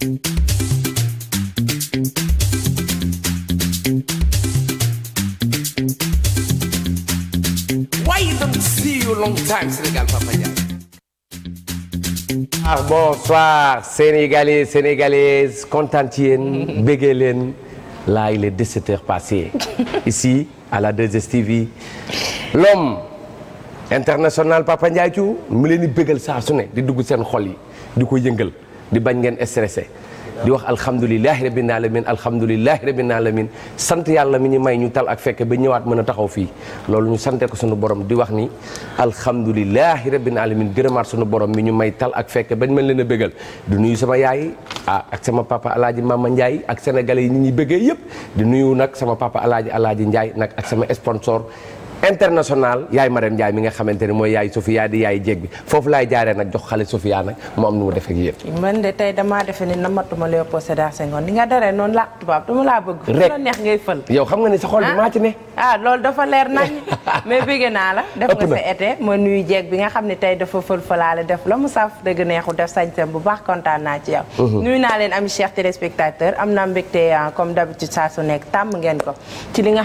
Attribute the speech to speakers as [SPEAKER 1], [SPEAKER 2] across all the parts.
[SPEAKER 1] Why you don't ah, bonsoir Sénégalais Sénégalaises kontaan ci yéen bëggee leen là il est 17 heures passées à la 2STV l'homme international Papa mu leen di bëggal saa su ne di dugg seen xol yi di ko yëngal. di bañ ngeen stressé di wax alhamdulilahi rabbil alamin alhamdulilahi rabbil alamin sant yàlla mi ñu may ñu tal ak fekke ba ñëwaat mën a taxaw fii loolu ñu santee ko suñu borom di wax ni alhamdulilahi rabbil alamin gërëmaat suñu borom mi ñu may tal ak fekke bañ mën leen a bégal di nuyu sama yaay ah ak sama papa alaaji Mama Ndiaye ak sénégalais yi ñi ñuy bëggee yëpp di nuyu nag sama papa alaaji alaaji Ndiaye nag ak sama sponsor international yaay Marème Ndiaye mi nga xamante ne mooy yaay Sofia di yaay jéeg bi foofu laay jaaree nag jox xale Sofia nag mu am nu mu defee ak
[SPEAKER 2] yéen. man nga la tubaab dama laa bëgg. rek
[SPEAKER 1] xam nga sa xol bi ah? maa ci
[SPEAKER 2] ne. ah loolu dafa leer nañ mais bëgg naa la. def nga sa été ma nuyu jéeg bi nga xam ne tey dafa fël fëlaale def la mu saf dëgg neexu def sañsam bu baax kontaan naa ci yow. Mhm. nuyu naa leen ami chers téléspectateurs am naa mbégte ah, comme d'habitude saa su nekk tàmm ngeen ko ci li nga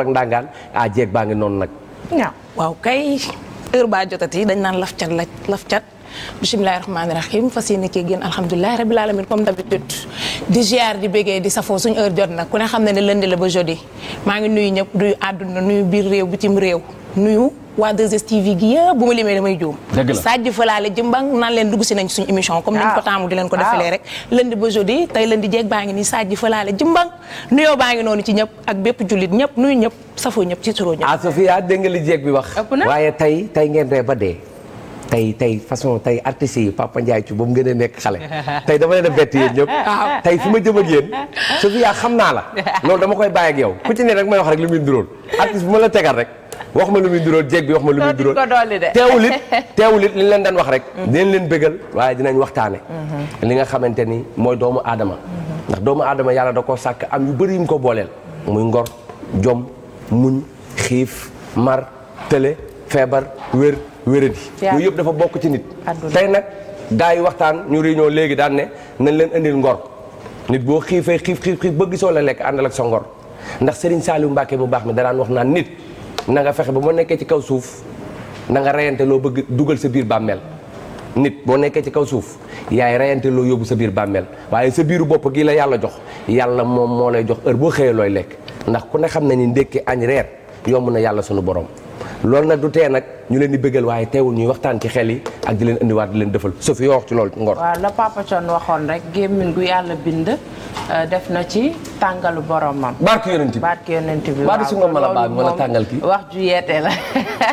[SPEAKER 1] Kaolack Ndangaan ah jeeg baa ngi noonu nag.
[SPEAKER 2] waaw kay heure baa jotati dañ naan laf cat laf cat. bisimilahi rahmaani rahim fas yéene kee génn alhamdulilahi rabil alamin comme d'habitude di ziar di béggee di safoo suñu heure jot na ku ne xam ne ne lundi la ba jeudi maa ngi nuyu ñëpp nuyu àdduna nuyu biir réew bitim réew nuyu waa 2STV gi yëpp bu ma limee damay juum Sadji Falaale jëmbang naan leen dugg si nañ suñu émission comme niñ ah, di leen ko defalee rek lundi ba jeudi tey lundi jeeg baa ngi nii Sadji Falaale jëmbang nuyoo baa ngi noonu ci ñëpp ak bépp jullit ñëpp nuyu ñëpp safoo ñëpp ci turoo
[SPEAKER 1] ñëpp ah Sophia dégg nga li jeeg bi wax waaye tey tey ngeen ree ba dee tey tey façon tey artistes yi Papa Ndiaye ci ba mu gën nekk xale tey dama leen a bett yéen ñëpp ah. tey fi ma jëm ak yéen Sofia xam naa la loolu dama koy bàyyi ak yow ku ci ne rek may wax rek lu muy duróol artiste bu ma la tegal rek wax ma lu muy duróol jéeg bi wax ma lu muy duróol
[SPEAKER 2] teewul it
[SPEAKER 1] teewul it li leen daan wax rek mm-hmm. dinañ leen bëggal waaye dinañ waxtaane
[SPEAKER 3] mm-hmm.
[SPEAKER 1] li nga xamante ni mooy doomu aadama mm-hmm. ndax doomu aadama yàlla da ko sàkk am yu bëri yu ko booleel muy ngor jom muñ xiif mar tële feebar wér wéradi yooyu yëpp dafa bokk ci nit tey nag gaa yi waxtaan ñu réunion léegi daan ne nañ leen indil ngor nit boo xiifee xiif xiif xiif ba gisoo la lekk àndal ak sa ngor ndax Serigne Saliou Mbacké bu baax mi daraan wax naan nit na nga fexe ba moo nekkee ci kaw suuf na nga reyante loo bëgg dugal sa biir bàmmeel nit boo nekkee ci kaw suuf yaay reyante loo yóbbu sa biir bàmmeel waaye sa biiru bopp gii la yàlla jox yàlla moom moo lay jox heure boo xëyee looy lekk ndax ku ne xam na ni ndékki añ reer yomb na yàlla sunu borom loolu nag du tee nag ñu leen di bëggal waaye teewul ñuy waxtaan ci xel yi ak di leen indiwaat di leen defal su fi yoo wax ci loolu ngor.
[SPEAKER 2] waaw la Papa waxoon rek gémmiñ gu yàlla bind euh, def na ci tàngalu boromam. barke yonent bi barke yonent bi waaw loolu wax ju yeete la.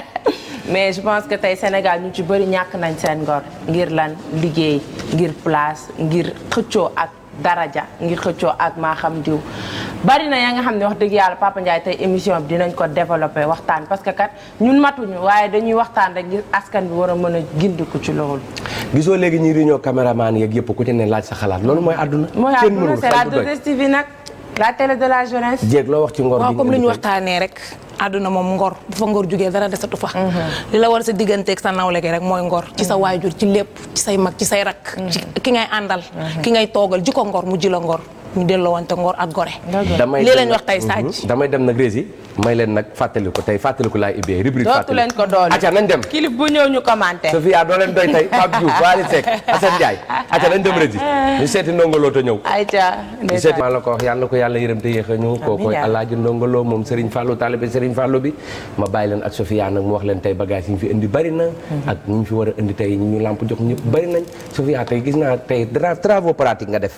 [SPEAKER 2] mais je pense que tey Sénégal ñu ci bëri ñàkk nañ seen ngor ngir lan liggéey ngir place ngir xëccoo ak. daraja ngir xëccoo ak maa xam diw bari na yaa nga xam ne wax dëgg yàlla Papa Ndiaye tey émission bi dinañ ko développé waxtaan parce que kat ñun matuñu waaye dañuy waxtaan rek ngir askan bi war a mën a gindiku ci loolu.
[SPEAKER 1] gisoo léegi ñuy réunion caméraman yeeg yëpp ku ci ne laaj sa xalaat loolu mooy àdduna. mooy àdduna c'est la
[SPEAKER 2] 2 nag la télé de la jeunesse. jéeg loo wax ci ngor bi comme li ñu waxtaanee rek. àdduna moom ngor dafa ngor jugee dara desatu fa. Mhm. li la war sa digganteek sa nawle gi rek mooy ngor. ci sa mhm. waajur ci lépp ci say mag ci say rak. Mhm. ki ngay àndal. ki ngay toogal jikko ko ngor mu ji la ngor ñu delloo wante ngor ak gore. lii lañ wax tey Sadji
[SPEAKER 1] damay dem nag rési may leen nag fàttali ko tey fàttali ko laay ubbee rubrique fàttali dootu leen ko doon acca nañ dem
[SPEAKER 2] clip bu ñëw ñu commenté Sophia doo leen doy tey Pape Diouf ñu a
[SPEAKER 1] fi indi bari na mhm. ak ñu fi war a indi tey ñu lamp jox ñëpp bari nañ Sophia tey gis naa tey travaux pratiques nga def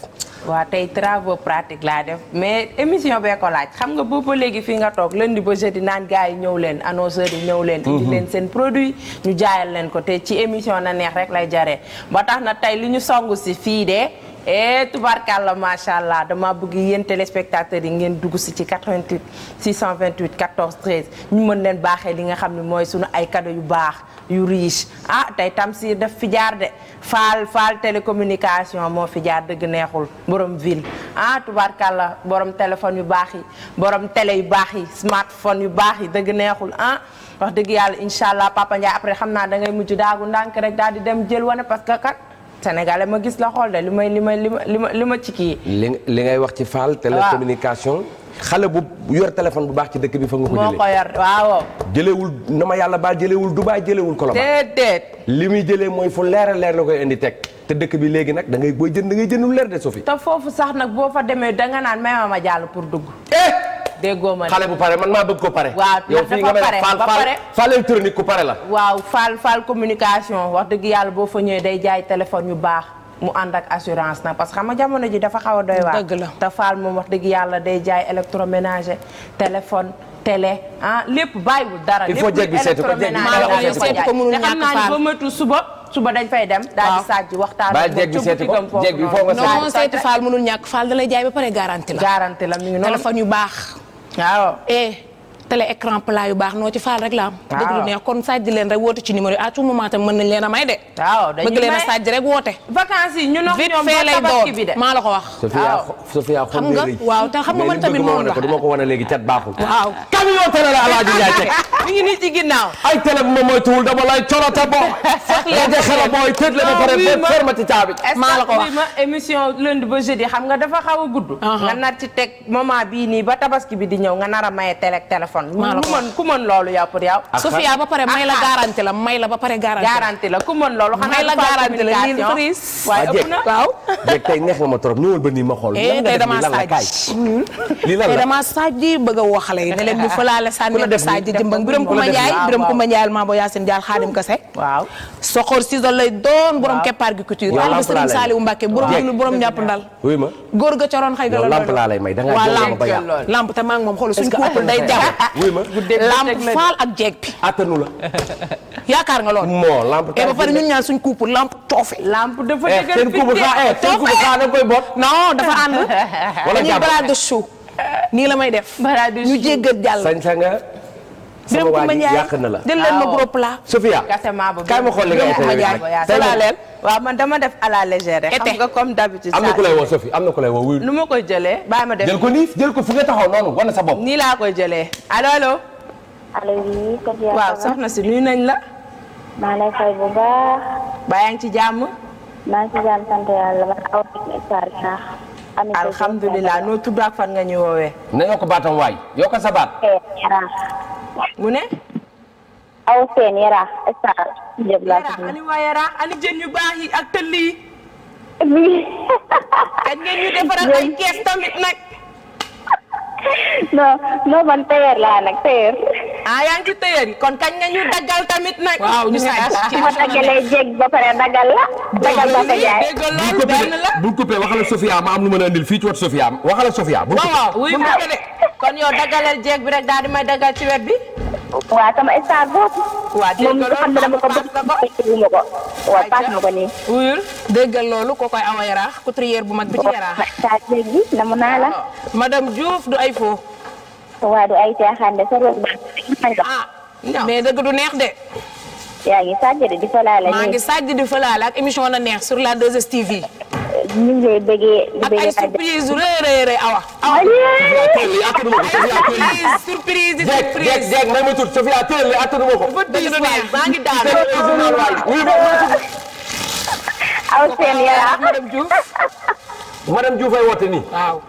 [SPEAKER 2] waaw tey travaux pratiques laa def mais émission bee ko laaj xam nga boobu léegi fii nga toog lundi ba jeudi naan gaa yi ñëw leen annonceurs yi ñëw leen. indi mhm. leen seen produit ñu jaayal leen ko te ci émission na neex rek lay jaree ba tax na tey li ñu songu si fii de. et eh, tubarkàlla macha allah dama bëgg yéen téléspectateurs yi ngeen dugg si ci 88 628 14 13 ñu mën leen baaxee li nga xam ne mooy sunu ay cadeau yu baax yu riche ah tey Tamsir def fi jaar de faal faal télécommunication moo fi jaar dëgg neexul borom ville ah tubaarkàlla borom téléphone yu baax yi borom télé yu baax yi smartphone yu baax yi dëgg neexul ah wax dëgg yàlla incha allah papa Ndiaye après xam naa dangay mujj daagu ndànk rek daal di dem jël wane parce que kat sénégalais ma gis la xool de li may li may li ma
[SPEAKER 1] li ma ci kii. li ngay wax ci faal télécommunication. xale bu yor téléphone bu baax ci dëkk bi fa nga ko jëlee moo ko yor waaw. jëlewul na ma yàlla baal jëlewul Dubaay jëlewul Colobane.
[SPEAKER 2] déedéet.
[SPEAKER 1] li muy jëlee mooy fu leer leer la koy indi teg. te dëkk bi léegi nag da ngay booy jënd da ngay jëndul leer de Sophie.
[SPEAKER 2] te foofu sax nag boo fa demee danga naan may ma ma jàll pour dugg. eh. déggoo ma xale bu
[SPEAKER 1] pare man maa bëgg ko pare. waaw yow fii nga mel faal faal la.
[SPEAKER 2] waaw communication wax dëgg yàlla boo fa ñëwee day jaay téléphone yu baax mu ànd ak assurance nag parce que xam jamono ji dafa xaw a doy waar te faal moom wax dëgg yàlla day jaay électroménager téléphone télé ah lépp bàyyi bàyyiwul dara il faut jéggi seeti ko ko mënul ñàkk faal xam naa suba suba dañ fay dem daal di sàjj waxtaan ba jéggi seeti ko jéggi foo nga non seeti faal mënul ñàkk faal lay jaay ba pare garanti la garanti la mi ngi noonu téléphone yu baax waaw eh, télé écran plat yu baax noo ci faal rek la am. waaw dëgg lu neex kon sàjj leen rek woote ci numéro yi à tout moment tam mën nañ leen a may de. waaw dañuy may bëgg leen a sàjj rek woote. vacances yi ñu nox ñoom ba tabaski bi de maa la ko wax. waaw
[SPEAKER 1] Sofia xam nga waaw te xam nga man tamit moom la mais du ma ko wane léegi cat baaxul. waaw
[SPEAKER 2] camion télé la Alaaji Njaay teg. mi ngi nii ci ginnaaw. ay télé bu ma
[SPEAKER 1] moytuwul dama lay corota bo. soxla de xel booy tëj la ba pare ba oh, fermati caabi. maa la ko wax ma
[SPEAKER 2] émission lundi ba jeudi xam nga dafa xaw a gudd. Uh-huh. nga nar ci teg moment bii nii ba tabaski bi di ñëw nga nar a maye télé téléphone kon maa la ko mën ku mën loolu yaa pour yow Sofia ba pare may la garanti la may la ba pare garanti la ku mën loolu xanaa la garanti la lii prise waaye ah, ëpp na
[SPEAKER 1] waaw jéeg tey neex nga ma trop ñëwal ba nii ma xool eh, tey hmm. dama saaj lii lan la tey dama
[SPEAKER 2] saaj ji bëgg a woo xale yi ne leen ñu falaale sànni saaj biram ku ma biram ku ma njaay maa boo yaasin jaal xaadim kase waaw si doon lay doon borom keppaar gi couture albi sëriñ Saaliwu Mbàkke borom ga coroon xëy ga la lamp laa lay may da nga lamp te maa ngi day jaw wuy ma lamp faal ak jeeg bi. attanu la. yaakaar nga lool. moo lamp eh, ba pare ñun ñaan suñ couple lamp coofe. lamp dafa eh, dëgër seen couple saa eh, seen saa da koy bot. non dafa ànd. wala jàpp dañuy bras nii la may def. ñu jéggal jàll. sañ sa nga. sama waa la jël leen ma ah, ma dama def à la légère rek. xam nga comme d'habitude. am ma koy jëlee. bàyyi ma def jël ko
[SPEAKER 1] nii jël ko fu nga taxaw noonu
[SPEAKER 2] wane sa bopp. nii laa koy jëlee allo allo. allo oui. waaw si nuyu nañ la. maa ngi lay fay yaa ngi ci jàmm. maa ngi ci jàmm sant yàlla noo tudd ak fan nga ñu woowee. na yokk
[SPEAKER 1] baatam waay yokk sa
[SPEAKER 2] mu ne. aw seen yara star
[SPEAKER 4] jëb laa tudd ani
[SPEAKER 2] waa yara yu baax yi ak tëll yi kañ ngeen ñu defaral ay tamit nag
[SPEAKER 4] non non man tailleur laa nag tailleur
[SPEAKER 2] ah yaa ngi kon kañ nga ñu daggal tamit nag waaw ñu sa ci ma daggalee jéeg
[SPEAKER 4] ba pare daggal la daggal ba ko jaay
[SPEAKER 1] bu coupé waxala Sofia ma am lu mën a andil fii ci wat Sofia waxala Sofia bu coupé waaw wuy ma
[SPEAKER 2] ko de kon yow daggaleel jéeg bi rek daa di may daggal ci wet bi. waaw sama star boobu. waa dégg nga loolu ko moom ko waaw paas ma koy awa yaraax couturière bu mag bi ci yaraax. waaw léegi namu naa la. Oh, madame Diouf du ay fo. waa du ay caaxaan de sa robe baax ah mais dëgg du neex de. yaa ngi sàjj di falaale. laa ngi sàjj di falaale ak émission na neex sur la 2STV.
[SPEAKER 4] ñu ngi lay bëggee.
[SPEAKER 2] ak ay surprise yu rëy rëy rëy awa. awa surprise di surprise.
[SPEAKER 1] jeeg jeeg may ma tudd Sofia teel li attanu ma ko. maa ngi daal
[SPEAKER 4] aw seen yàlla. madame Diouf.
[SPEAKER 1] madame Diouf ay woote nii.
[SPEAKER 4] waaw.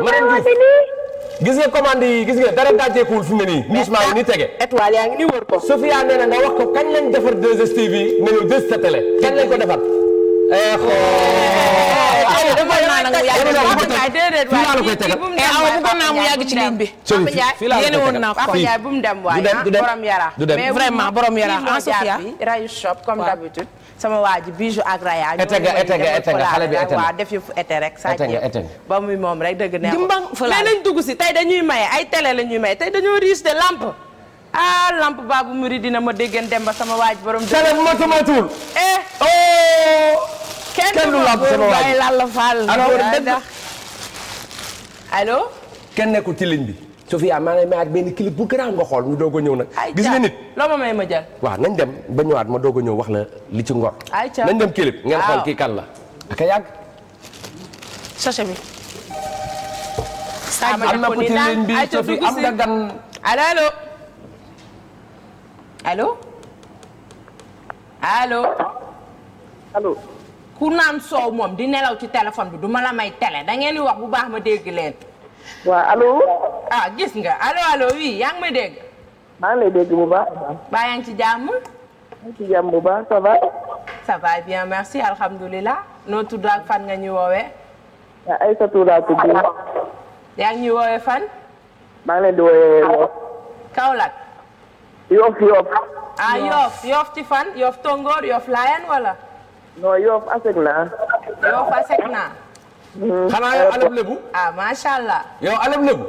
[SPEAKER 2] madame Diouf
[SPEAKER 1] gis nga commande yi gis nga dara daajeekuwul fi mu ne nii. niis maa ngi nii tege.
[SPEAKER 2] étoile yaa ngi nii wër ko. Sofia nee na
[SPEAKER 1] nga wax ko kañ lañ defar 2STV yi nga ñëw jël sa télé. kañ lañ ko defar.
[SPEAKER 2] bëggoon naa mu yàgg ci ligne bi fii laa la koy tegal woon naa ko Ndiaye bu mu dem waaye borom yara du dem vraiment borom yara en Sofia rayu shop comme d'habitude sama waa ji bijou ak raya etega etega def yëfu ete rek saa ba muy moom rek dëgg neexul dimbang fa la nañ dugg si maye ay télé la maye tey dañoo riis de lampe ah lamp baabu muri dina ma déggan dem ba sama waaj borom. keneen ma tëmaatul. eh. oh. kenn sama waaj kenn du la faal. allo.
[SPEAKER 1] kenn nekkul ci ligne bi. Sofia maa ngi may at benn clip bu garaaw xool ñu doog ñëw nag. gis nga nit
[SPEAKER 2] loo ma may ma jël.
[SPEAKER 1] nañ dem ba ñëwaat ma doog ñëw wax la li ci ngor.
[SPEAKER 2] ayca nañ dem clip ngeen xool kii kan la. ak a yàgg. sachet am na ko ci bi am na gan. allo. alo allo. allo. ku naan soow moom di nelaw ci téléphone bi du ma la may télé da ngeen di wax bu baax ma dégg leen. waaw allo. Ah, gis nga allo allo oui yaa ngi may dégg. maa ngi lay dégg bu baax. baa yaa ngi ci jàmm. yaa ngi ci jàmm bu baax ça va. ça va bien merci alhamdulilah. noo tudd ak fan nga ñu woowee.
[SPEAKER 4] waaw Aïssatou laa tudd.
[SPEAKER 2] yaa ngi ñuy woowee fan. yoof yoof. ah yoof yoof ci fan yoof tongoor yoof laayeen wala.
[SPEAKER 4] non yoof asek naa.
[SPEAKER 2] yoof asek naa.
[SPEAKER 4] Hmm. xanaa yow alab lébu.
[SPEAKER 2] ah macha allah.
[SPEAKER 4] yow alab lébu.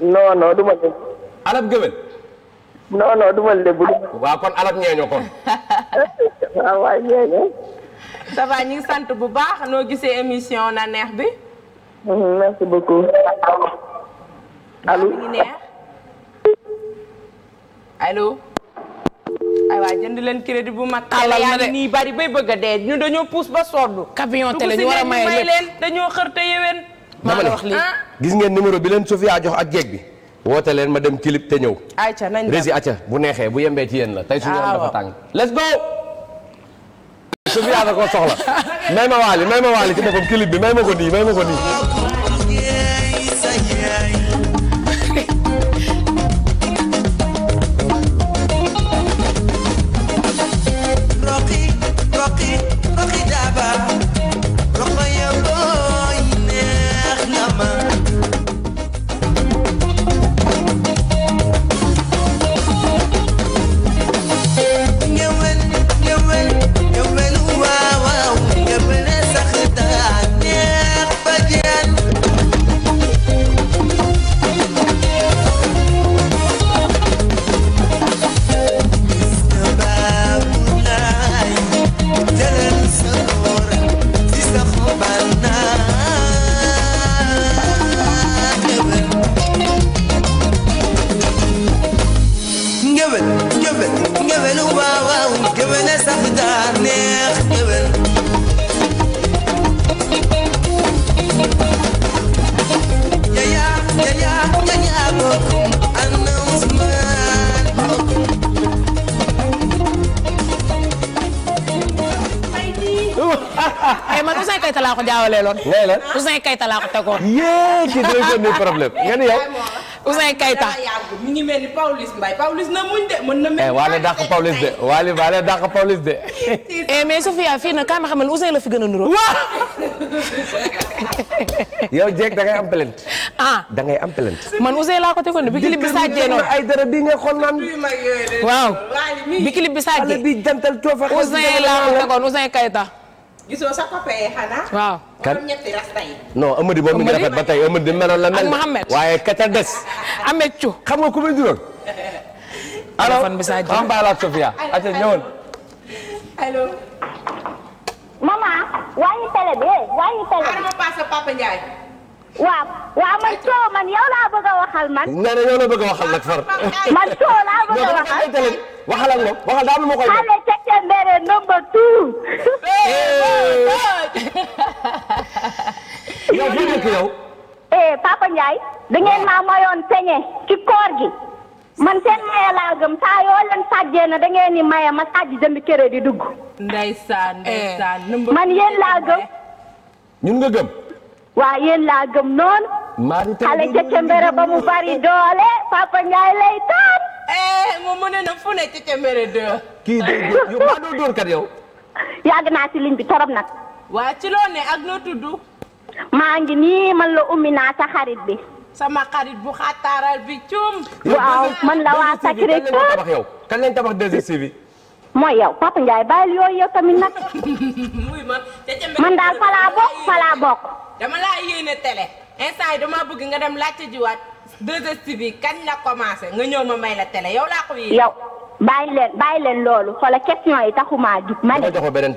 [SPEAKER 1] non non du alab géwél. non non du ma kon alab ñeeño kon.
[SPEAKER 2] waaw waay ñeeño. ça va ñu sant bu baax noo gisee émission na neex bi.
[SPEAKER 4] Hmm, merci beaucoup.
[SPEAKER 2] allo. allo. aywa jënd leen crédit bu mag. tàllal ma de nii bari bay bëgg a dee ñu dañoo puus ba soddu. camion télé ñu war a maye leen dañoo xër te ma ma la wax lii ah.
[SPEAKER 1] gis ngeen numéro bi leen Sofia jox ak jeeg bi. woote leen ma dem clip te ñëw.
[SPEAKER 2] ayca nañ dem rési
[SPEAKER 1] ayca bu neexee bu yembee ci yéen la. tey suñu yaram dafa ah, tàng. let's go. Sofia da koo soxla. may ma waali may ma waali ci boppam may ma ko nii may ma ko nii.
[SPEAKER 2] problème nga ni yow. Ouzin Keita mi ngi mel ni Pawlish Mbaye Pawlish na muñ de eh,
[SPEAKER 1] waale dàq Pawlish de waale waale dàq Pawlish de.
[SPEAKER 2] mais Sofia fii nag la fi gën a nuroo.
[SPEAKER 1] yow jeeg da am plainte. ah da ngay
[SPEAKER 2] man Ouzin laa tegoon ne bi clip bi sàjjee noonu ay dara bii nga xool naan. waaw bi clip bi sàjjee. xale tegoon Ouzin Keita. waaw. kan
[SPEAKER 1] non Amady moom mi ngi rafet ba tey Amady meloon la mel. ak Mouhamed waaye kata des. Ameth Thiou xam nga ku ma jural. allo maa ngi ak Sofia. ati ñëwal.
[SPEAKER 4] allo. maman. waa ñu télé bi eh, waa ñu télé bi. ma paase Papa Ndiaye. waaw waaw man coow man yow laa bëgg a waxal man. nee na yow la bëgg a waxal nag far. man coow laa bëgg a waxal. waxal ak moom waxal daa am lu ma koy def. xale Sétémbéré number two. yow fu eh, Papa Ndiaye. da ngeen ah. maa mayoon sañe koor gi. man seen maye laa gëm saa yoo leen sàjjee na da ma sàjj jënd kere di dugg.
[SPEAKER 2] ndeysaan eh. ndeysaan.
[SPEAKER 4] man yéen laa gëm. ñun gëm. waa yéen laa gëm noonu. xale Sétémbéré ba mu bari doole Papa Ndiaye lay taam. Eh, moom mu ne na fu ne ci téeméeri
[SPEAKER 2] deux. kii yow maa doo dóor kat yow.
[SPEAKER 4] yàgg naa ci ligne bi torop nag.
[SPEAKER 2] waa ci loo ne ak noo tudd. maa ngi nii man la ummi naa sa xarit bi. sama xarit bu xaataaral bi cum. waaw man la waa Sacré Cœur tabax yow kan lañ tabax
[SPEAKER 4] mooy yow Papa Ndiaye bàyyil yooyu yow tamit nag.
[SPEAKER 2] man daal fa laa bokk fa laa dama laa yéene télé instant yi dama bëgg nga dem laajte jiwaat. 2STV a kañ la commencé nga ñëw ma may la télé yaw laa ko yéen. yow
[SPEAKER 4] bàyyi leen bàyyi leen loolu xoolal question yi taxumaa jug. ma ne damay jox beneen bi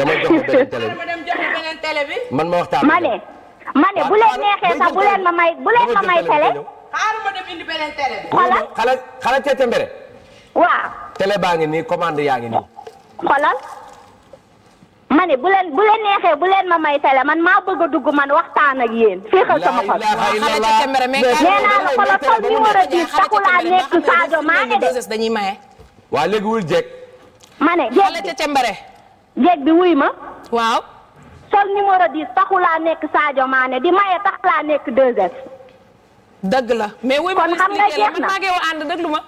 [SPEAKER 4] damay jox
[SPEAKER 2] beneen télé bi. ma dem man ma waxtaan ma ne. ma ne bu leen neexee sax bu ma may bu leen ma may télé. xaaral ma dem indi beneen mbere. waaw.
[SPEAKER 1] télé baa ngi ni commande yaa ngi nii.
[SPEAKER 2] xoolal.
[SPEAKER 4] ma ne bu leen bu leen neexee bu ma may tele man maa bëgg a dugg man waxtaan ak yéen féexal sama xol nee naa a diis taxulaa nekk Sadio
[SPEAKER 2] Mané de dañuy maye
[SPEAKER 1] waa léegi
[SPEAKER 4] wul jeeg
[SPEAKER 2] ma ne jeeg bi jeeg bi wuy ma waaw
[SPEAKER 4] sol numéro 10 taxulaa nekk Sadio Mané di maye taxulaa nekk 2S
[SPEAKER 2] dëgg la mais wuy ma kon xam nga jeex na maa ngi ànd déglu ma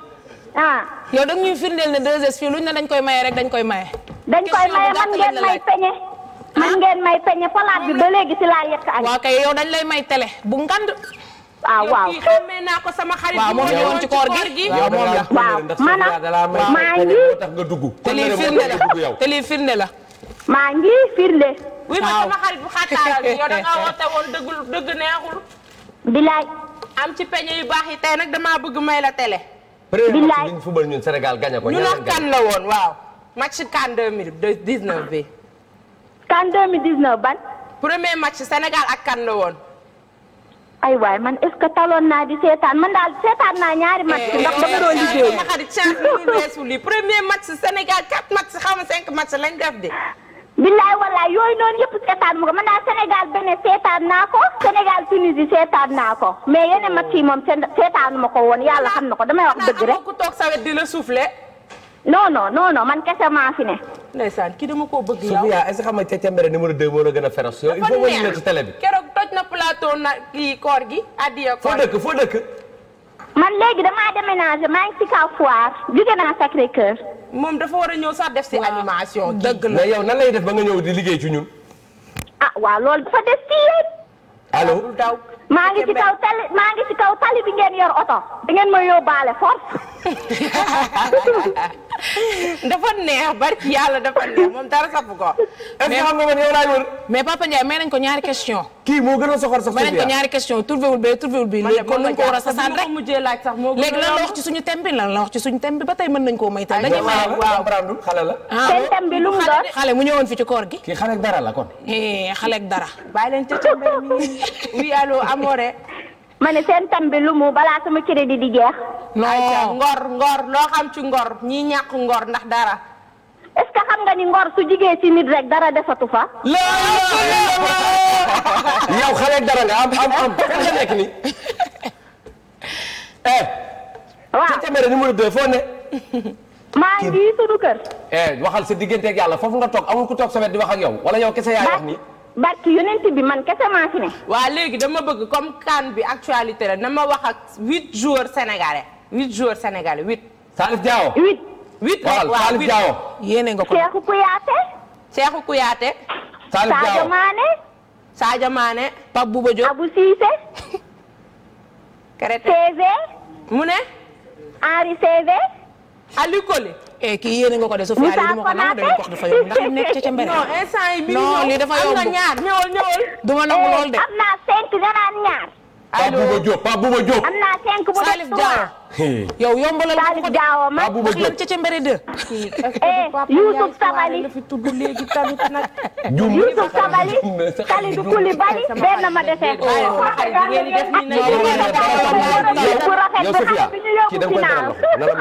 [SPEAKER 2] ah yow da ñuy firndeel ne 2S luñ ne dañ koy maye rek dañ koy maye. dañ koy maye ah? man ngeen may peñe. man ngeen may ba léegi si laa yekk ak. waaw kay yow dañ lay may télé bu ngand. ah waaw naa ko sama xarit. waaw moom ñëwoon gi waaw moom la waaw man a maa ngi. te lii firnde la maa ngi ma sama xarit bu xaataaral bi yow da ngaa woote woon dëgg dëgg neexul. bilaay. am ci peñe yu baax yi tey nag damaa bëgg may la télé.
[SPEAKER 1] billaay liñ football ñun Sénégal gagné ko. ñu na kan la
[SPEAKER 2] woon waaw. match CAN 2019 bi. CAN 2019 ban. premier match Sénégal ak kan la woon.
[SPEAKER 4] ay waay man est-ce que taloon naa di seetaan man daal seetaan naa ñaari match eh, ndax dama eh, doon liggéey. Eh, xarit
[SPEAKER 2] Cheikh li weesu li premier match Sénégal quatre match xaw ma cinq match lañ def de.
[SPEAKER 4] billaay wallaay yooyu noonu yëpp seetaan mu ko man daal Sénégal benn seetaan naa ko Sénégal Tunisie seetaan naa ko mais yeneen match yi moom seetaanu ma ko woon yàlla xam na ko damay wax dëgg rek. ku toog sa di la soufflé. non non non non man kese maa fi ne. ndeysaan kii dama koo bëgg yow. Soufia est-ce que xam nga Tétémbéré
[SPEAKER 1] numéro 2 moo la gën a féroce yow il faut que ñu
[SPEAKER 2] keroog toj na plateau na kii koor gi. addiya koor foo dëkk foo dëkk. man léegi damaa déménager maa ngi ci kaw foire jóge naa Sacré Cœur. moom dafa war a ñëw sax def si animation. dëgg la mais yow
[SPEAKER 1] nan lay def ba nga ñëw di liggéey ci ñun.
[SPEAKER 2] ah waaw loolu dafa des ci yéen. daw maa ngi ci kaw tali maa ngi ci kaw tali bi ngeen yor oto. da ngeen ma yóbbaale force. dafa neex barki yàlla dafa neex moom dara safu ko. mais xam nga nañ ko ñaari question kii moo gën a soxor sax. ko ñaari question trouvé wul bee trouvé wul bii. léegi kon nañ a sasaan rek léegi lan la wax ci suñu thème bi lan la wax ci suñu thème bi ba tey mën nañ koo may. tey la. Ah, lu mu doon kii xale dara la kon. Eh, xale ak dara. bàyyi leen ca ca mbay mi oui allo Amore. ma ne seen tam bi lu mu balaa sama crédit di jeex. non ngor ngor loo xam ci ngor ñii ñàkk ngor
[SPEAKER 4] ndax dara. est-ce que xam nga ni ngor su jigee ci nit rek dara defatu fa.
[SPEAKER 1] yow xale dara nga am am am fan nga nekk nii. eh. waaw sa caméra numéro maa ngi sunu kër. eh waxal sa digganteeg yàlla foofu nga toog amul ku toog sa wet di wax ak yow wala yow kese yaay wax nii.
[SPEAKER 2] barki yonent bi man kese maa ne. waa léegi dama bëgg comme kan bi actualité la na wax ak huit joueurs sénégalais huit joueurs sénégalais huit. Salif Diao huit. huit rek waaw Salif Diao. yéene nga ko Cheikhou Kouyaté. Cheikhou Kouyaté. Salif Diao Sadio Mané. Sadio Mané Pape Bouba mu ne. Henri Cissé. Aliou Eh, kii yéene nga ko de su fi àll bi ma ko nangu dañu ko dafa yomb ndax mu nekk ci ca mbere. non instant lii dafa yomb na
[SPEAKER 4] ñaar ñëwal ñëwal. du ma nangu eh, lool de. am naa cinq nga naan ñaar. allo Pape Bouba Diop ko de ma eh, nga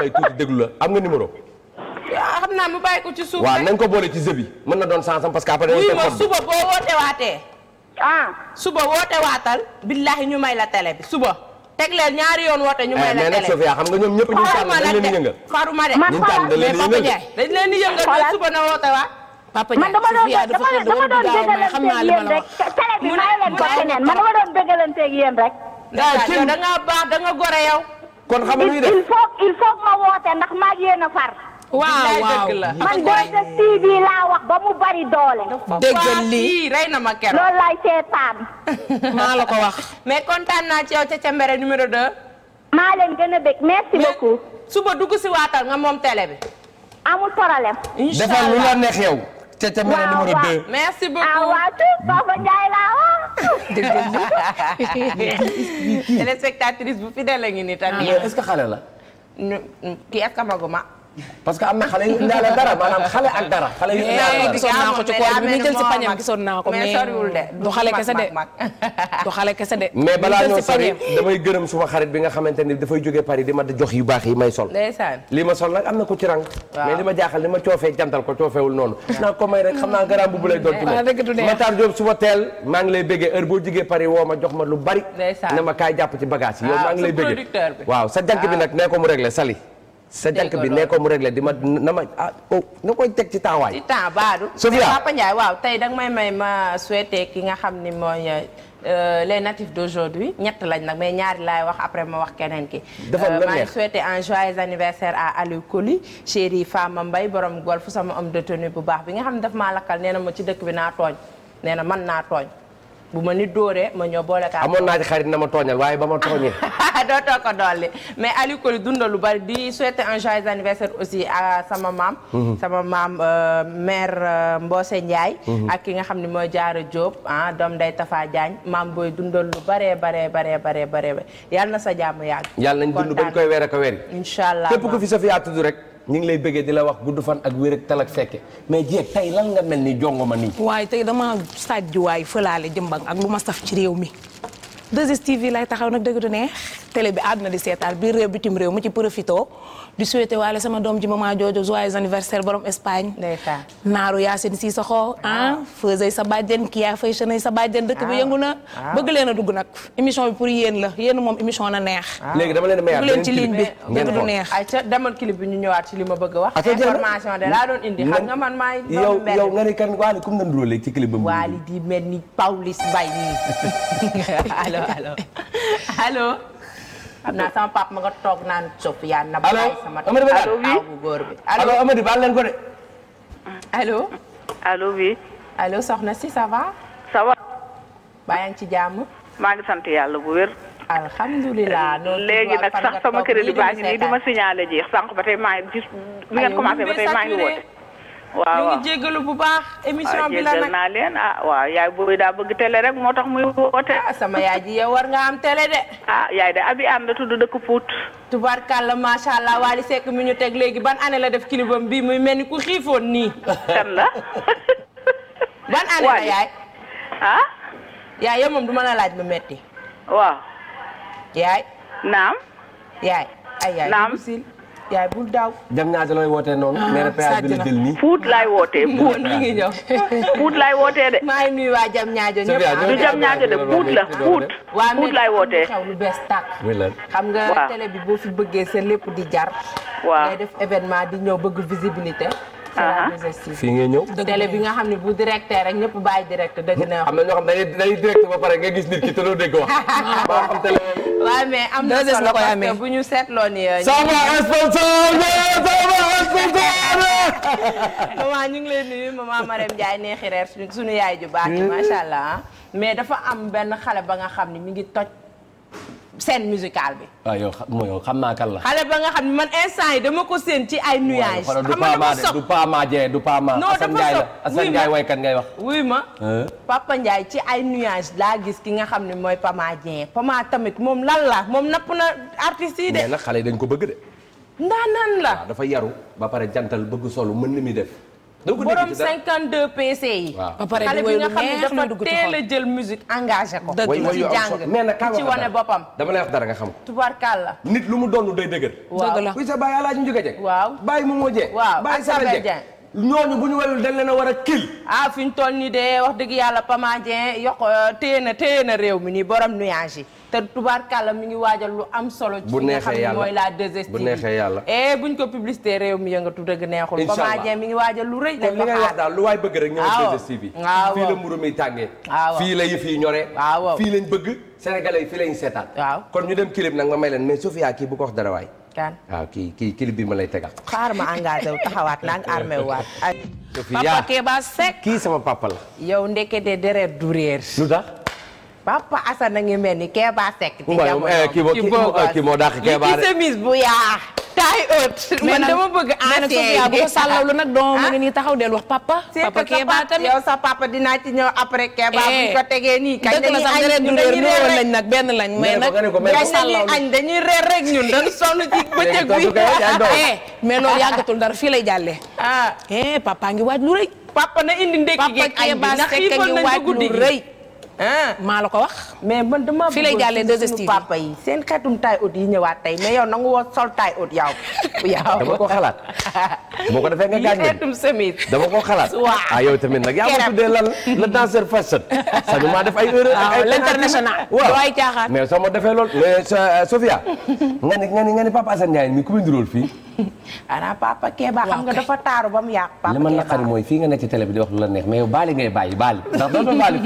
[SPEAKER 1] koy am nga numéro.
[SPEAKER 2] Ah, xam naa mu bàyyi ko ci suuf.
[SPEAKER 1] waaw na doon sansam parce que après. dañoo teg ko suba
[SPEAKER 2] boo woote waatee. Ah. suba woote waatal. billahi ñu may la télé bi suba. teg leen ñaari yoon woote ñu may la télé eh, mais nag Sofia ñoom ñëpp ñu leen di yëngal. faruma de ñu tànn dañ leen di yëngal dañ leen di suba na woote waat. papa man dama doon
[SPEAKER 4] dama doon bégalanteeg yéen rek télé bi may leen ko keneen man da nga baax da nga gore yow. il faut il faut ma woote ndax maa ngi yéen a far waaw waaw man
[SPEAKER 2] Dóor TV laa wax ba mu bari doole. déggal lii rey na ma keroog loolu laay seetaan. maa la ko wax. mais kontaan naa ci yow ca Cambérène numéro maa leen gën a bëgg merci beaucoup. suba dugg si waatal nga moom télé bi.
[SPEAKER 4] amul problème. incha lu la neex yow. ca Cambérène numéro 2. merci ah, beaucoup ah waaw tuut laa
[SPEAKER 2] wax. déggal lii. téléspectatrice bu fidèle la ngi nii tamit. est-ce xale la. kii ak Kamaguma.
[SPEAKER 1] parce que am na xale yu indaale dara maanaam xale ak dara. xale yu indaale dara gisoon eh,
[SPEAKER 2] naa ko ci gisoon naa ko. mais de du xale kese de du xale kese de. mais balaa ñoo sori
[SPEAKER 1] damay gërëm suma xarit nga xamante ni dafay jógee Paris di ma jox baax yi may sol. li ma sol nag am na ko ci rang. jaaxal li ma coofee jantal ko coofeewul noonu. naa ko xam naa garaam bu bu lay doon ci ma ah, Matar Diop suba teel maa ngi lay béggee heure boo jógee Paris woo ma jox ma lu bari. ne ma kaay jàpp ci bagage yi yow ah, maa ngi lay béggee waaw sa jànk bi ah. nag nee ko mu la sali sa jànk bi ne ko mu réglé di ma na ma ah oh koy teg ci temps waay. ci temps
[SPEAKER 2] baadu. Sofia Papa Ndiaye tey danga may may ma souhaité ki nga xam ni mooy euh, les natifs d'aujourd'hui ñett lañ nag may ñaari laay wax après ma wax keneen ki. dafa neex euh, maa ngi souhaité un joyeux anniversaire à Aliou Koli chéri Fama Mbaye borom golf sama homme de bu baax bi nga xam ne daf maa lakkal nee na ma ci dëkk bi naa tooñ nee na man naa tooñ. bu ma nit dóoree ma ñoo boole kaa. amoon naa ci
[SPEAKER 1] xarit na ma tooñal waaye ba ma tooñee.
[SPEAKER 2] doo too ko dolli mais Aliou Coly dundal lu bari di souhaiter un joyeux anniversaire aussi sama maam. Mhm. sama maam euh, maire euh, Mbose Ndiaye. Mhm. ak ki nga xam ne mooy Diarra Diop ah doom day Tafa Diagne maam booy dundal lu baree baree baree baree baree yal na sa jaamu yàgg. kontaan
[SPEAKER 1] yal nañ dund bañ koy weer ak a weer.
[SPEAKER 2] incha allah képp fi
[SPEAKER 1] sa fi yaa rek. ñu ngi lay bëggee di la wax gudd fan ak wér ak tal ak mais jeeg tey lan nga mel ni jongo ma nii.
[SPEAKER 2] waaye tey dama sàjj waay fëlaale jëmbang ak lu ma saf ci réew mi. 2STV lay taxaw nag dëgg ne neex télé bi àdduna di seetaan biir réew bitim réew mu ci profito di souhaité waale sama doom ji maman joojo joyeux anniversaire borom Espagne naaru Yacine si saxoo ah, ah. faisey sa bàjjen ki yaa fay sa bàjjen dëkk bi ah. yëngu na ah. bëgg leen a nag émission pour yéen la yéen moom émission na neex léegi dama leen mayaat leen ci ligne bi dëgg du neex ay ca demal clip bi ñu ñëwaat ci li ma bëgg a wax information de laa doon indi xam nga man maa yow yow
[SPEAKER 1] nga ne kan waali comme nan róo léegi ci clip ba
[SPEAKER 2] waali di mel ni Paulis Mbaye nii allo xam naa sama papa ma nga toog naan Sofiane na bàyyi sama taw bu góor bi allo
[SPEAKER 1] Amady baal leen ko de
[SPEAKER 2] allo allo oui allo soxna si ça va ça ci jàmm maa ngi sant yàlla bu wér alhamdulilah léegi nag sax sama crédit baa ngi nii di ma jeex sànq ba tey maa ngi gis bi ngeen commencé ba tey maa ngi woote waaw ñu bu baax. émission bi la nag jéggal naa leen ah waaw yaay booy daa bëgg télé rek moo tax muy woote. Ah, sama yaay ji yow war nga am télé de. ah yaay de abi am na tudd dëkk Pout. tubaarkàlla macha allah Wally Seck mi ñu teg léegi ban année la def kilibam bii muy mel ni ku xiifoon nii. kan la. ban année la yaay. ah. yaay yow moom du la laaj lu metti waaw. yaay. naam. yaay. ay yaay naam. yaay bul daaw.
[SPEAKER 1] jam ñaaja lay wootee noonu. Ah, nee na péage bi la
[SPEAKER 4] jël nii. Pout laay wootee Pout. mi ngi
[SPEAKER 2] laay wootee de. maa ngi nuyu waa jam ñaaja ñëpp. du jam ñaaja de Pout la Pout. waa Pout laay wootee taw lu bees tàkk. xam nga télé bi boo fi bëggee sa lépp di jar. waaw def événement di ñëw bëgg visibilité.
[SPEAKER 1] fii ngay ñëw télé
[SPEAKER 2] bi nga xam ne bu directeur rek ñëpp bàyyi direct dëgg neex am
[SPEAKER 1] na ñoo xam dañuy dañuy direct ba pare nga gis nit ki te doo dégg wax. ba
[SPEAKER 2] xam télé waaw mais am na solo parce que bu ñu seetloo ni. sama sponsor sama sponsor. maman ñu ngi leen nuyu maman Marème Ndiaye neexi reer suñu yaay ju baax. macha allah mais dafa am benn xale ba nga xam ne mi ngi toj. scène musicale bi.
[SPEAKER 1] waaw yow yow xam naa kan la.
[SPEAKER 2] xale ba nga xam ne man instant yi dama ko séen ci ay nuages. xam nga du
[SPEAKER 1] Paama de du Paama Dieng du Paama. Assane Ndiaye la Assane Ndiaye waykat ngay wax. wuy ma euh?
[SPEAKER 2] Papa Ndiaye ci ay nuages laa gis ki nga xam ne mooy Paama Dieng Paama tamit moom lan la moom napp na artistes yi de. mais
[SPEAKER 1] nag xale yi dañ ko bëgg de.
[SPEAKER 2] ndaanaan la.
[SPEAKER 1] dafa yaru ba pare jantal bëgg solu mën na mi def. borom
[SPEAKER 2] 52 PC yi. ba pare xale bi nga xam a jël musique engagé ko. dëgg la ci jàng ci wane boppam. dama lay wax dara nga xam ko. tubarkalla.
[SPEAKER 1] nit lu mu doon day dëgër. dëgg la kuy
[SPEAKER 2] sa bàyyi alaaji mu jóge jeeg. waaw bàyyi mu moo jeeg. waaw bàyyi Sara jeeg ñooñu bu ñu wayul dañ na a war a kil. ah fi ñu toll nii de wax dëgg yàlla Pama Dieng yokk euh, téye na téye na réew mi nii borom nuage yi te tubaarkàlla mi ngi waajal lu am solo. bu neexee yàlla ci li nga xam ne mooy la 2STV bu neexee yàlla. et buñ ko publicité réew mi yëngatu dëgg neexul. ba maa mi ngi waajal lu rëy. li nga wax
[SPEAKER 1] daal lu waay bëgg rek ñëw 2STV. fii la mburu mi tàngee.
[SPEAKER 2] fii la yi
[SPEAKER 1] ñoree. waaw fii lañ bëgg. sénégalais yi fii lañ seetaan. waaw kon ñu dem clip nag ma may leen mais Sofia kii bu ko wax dara waay. kan waaw kii bi ma lay tegal.
[SPEAKER 2] xaar ma engagé wu taxawaat naa ngi armé waat. Sofia papa Kéba Seck.
[SPEAKER 1] kii sama papa la.
[SPEAKER 2] yow ndekete deret
[SPEAKER 1] du réer. lu tax
[SPEAKER 2] Papa Assane a ngi mel ni Kéba Seck. ci eh, jamono
[SPEAKER 1] kii moo kii moo dàq Kéba de
[SPEAKER 2] ah? ngi nii taxaw del wax papa. papa Kéba tamit yow sa papa dinaa ci ñëw après Kéba bu ko eh. tegee nii. kañ la ñuy añ dañuy reer lañ nag benn lañ. mais nag kañ la ñuy añ dañuy reer rek ñun dañu sonn ci bëccëg bi. Eh, mais loolu yàggatul dara fii lay jàllee. ah eh papa ngi waaj lu rëy. papa na indi ndekki geeg añ bi ndax xiifal nañ guddi maa la ko wax. mais man dama fi lay jàllee deux sunu papa yi seen xeetum taille haute yi ñëwaat tey mais yow nangu woo sol taille haute yow. yow dama ko xalaat. boo ko defee nga gaañ xeetum semis. dama ko xalaat. waaw ah,
[SPEAKER 1] yow tamit nag yaa ma tuddee lan le danseur fashion.
[SPEAKER 2] sañu maa def ay erreur ak ay l'international. waaw caaxaan mais
[SPEAKER 1] soo ma defee lool mais euh, Sofia. nga ni nga ni nga papa Assane Ndiaye mi ku mu indilool fii.
[SPEAKER 2] xanaa papa Keba xam nga dafa taaru ba mu yàqu. papa Keba
[SPEAKER 1] li ma mooy fii nga nekk ci télé bi di wax lu la neex mais yow baali ngay bàyyi baali baali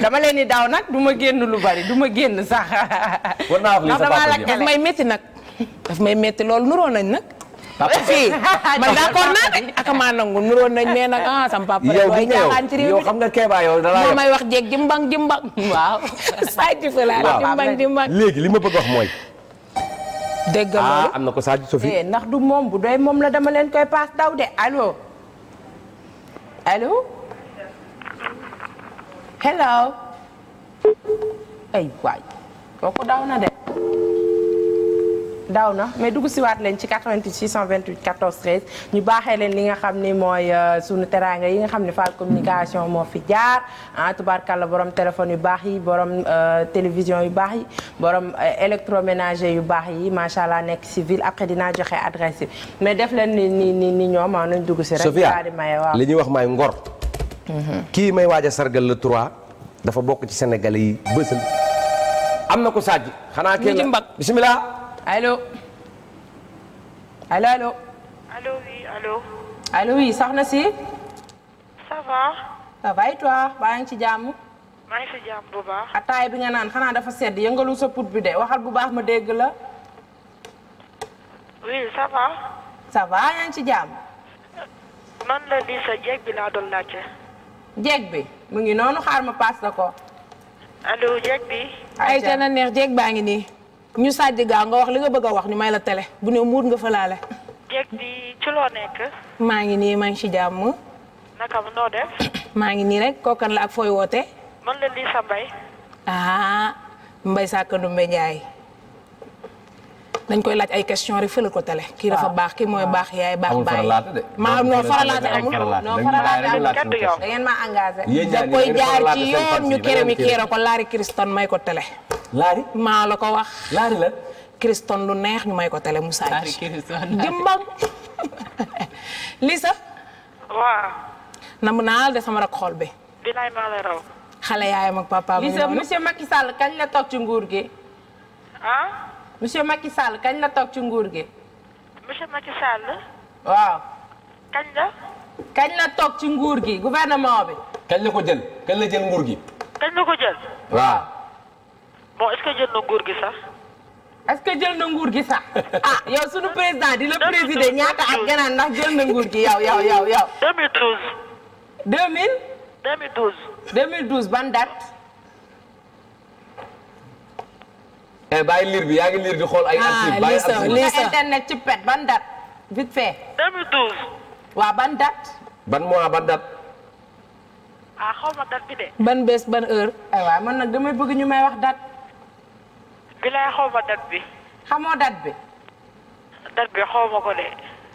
[SPEAKER 2] dama leen di daw nag du ma génn lu bari du ma génn sax. war naa wax li sa papa daf nag. daf may métti loolu nuroo nañ naa de ak maa nangu nuroon nañ mais nag ah sama papa. yow bi nga yow xam
[SPEAKER 1] nga Keba yow da may wax
[SPEAKER 2] jéeg jimbang jimbang waaw. saa jifa laa
[SPEAKER 1] léegi li ma bëgg wax mooy.
[SPEAKER 2] dégg ah, loolu am na ko Sadio Sophie eh, ndax du moom bu doy moom la dama leen koy paas daw de allo alo hello ay waay kooku daw na de. daaw na mais dugg si waat leen ci ñu baaxee leen li nga xam ni mooy euh, sunu teraanga yi nga xam ne Fall communication moo fi jaar ah la boroom téléphone yu baax yi borom euh, télévision yu baax yi borom euh, électroménager yu baax yi macha allah nekk si ville après dinaa joxe adresse yi mais def leen ni ni ni ni ñoom ah nañ dugg si rek. daal di maye waaw li
[SPEAKER 1] ñuy wax maay ngor. Mhm. kii may waaj a sargal le 3 dafa bokk ci Sénégalais yi bësal. am na ko Sadji. xanaa kenn
[SPEAKER 2] bisimilah. alo alo alo allo oui allo. allo oui soxna si. ça va. ça toi baa ngi ci jàmm. maa ngi ci jàmm bu baax. ataay bi nga naan xanaa dafa sedd yëngalu sa put bi de waxal bu baax ma dégg la.
[SPEAKER 4] oui saba
[SPEAKER 2] va. yaa ngi ci jàmm. man la di sa jeeg bi laa doon laajte. jeeg bi mu ngi noonu xaar ma paas la ko. allo jeeg bi. ay ca na neex jeeg baa ngi nii. ñu sàjj gaa nga wax li nga bëgg a wax ñu may la télé bu ne muut nga fa maa ngi nii maa ngi ci jàmm. naka maa ngi nii rek kookan la ak fooy woote.
[SPEAKER 4] man la lii sa mbay.
[SPEAKER 2] ah mbay sàkkandu mbay njaay dañ koy laaj ay question rek fële ko télé. kii dafa ah, baax kii mooy ah. baax yaay baax. amul faralaate de maa faralaate amul noo faralaate amul da ngeen maa da koy jaar ci yoon ñu kere mi kere ko laari Kriston may ko télé. laari maa la ko wax. laari la. Kristone lu neex ñu may ko télé mu sàcc. dimbal Lisa. waaw. nam naa de sama rak xol bi. xale yaayam ak papa bi Lisa monsieur Macky Sall kañ la toog ci nguur gi. ah. monsieur Macky Sall kañ la toog ci nguur gi. monsieur waaw. kañ la. kañ la toog ci nguur gi gouvernement bi.
[SPEAKER 1] kañ la ko jël kañ la jël nguur gi.
[SPEAKER 2] kañ la ko jël. waaw. bon est-ce que jël na nguur gi sax. est-ce ah yow sunu président di la présider ñaata ak gannaaw ndax jël na nguur gi yow yow yow yow. 2012. 2000. 2012. 2012 ban date.
[SPEAKER 1] mais eh, liir bi yaa ngi liir di xool ay. archive ah, bàyyi archive lii sax
[SPEAKER 2] internet ci pet ban date vite fait. 2012. ban date.
[SPEAKER 1] ban mois ban date.
[SPEAKER 2] ah xaw ma date bi de. ban bés ban heure. aywa eh, man nag damay bëgg ñu may wax date.
[SPEAKER 4] bilaay xaw ma date bi.
[SPEAKER 2] xamoo date bi. date bi xaw ma ko de.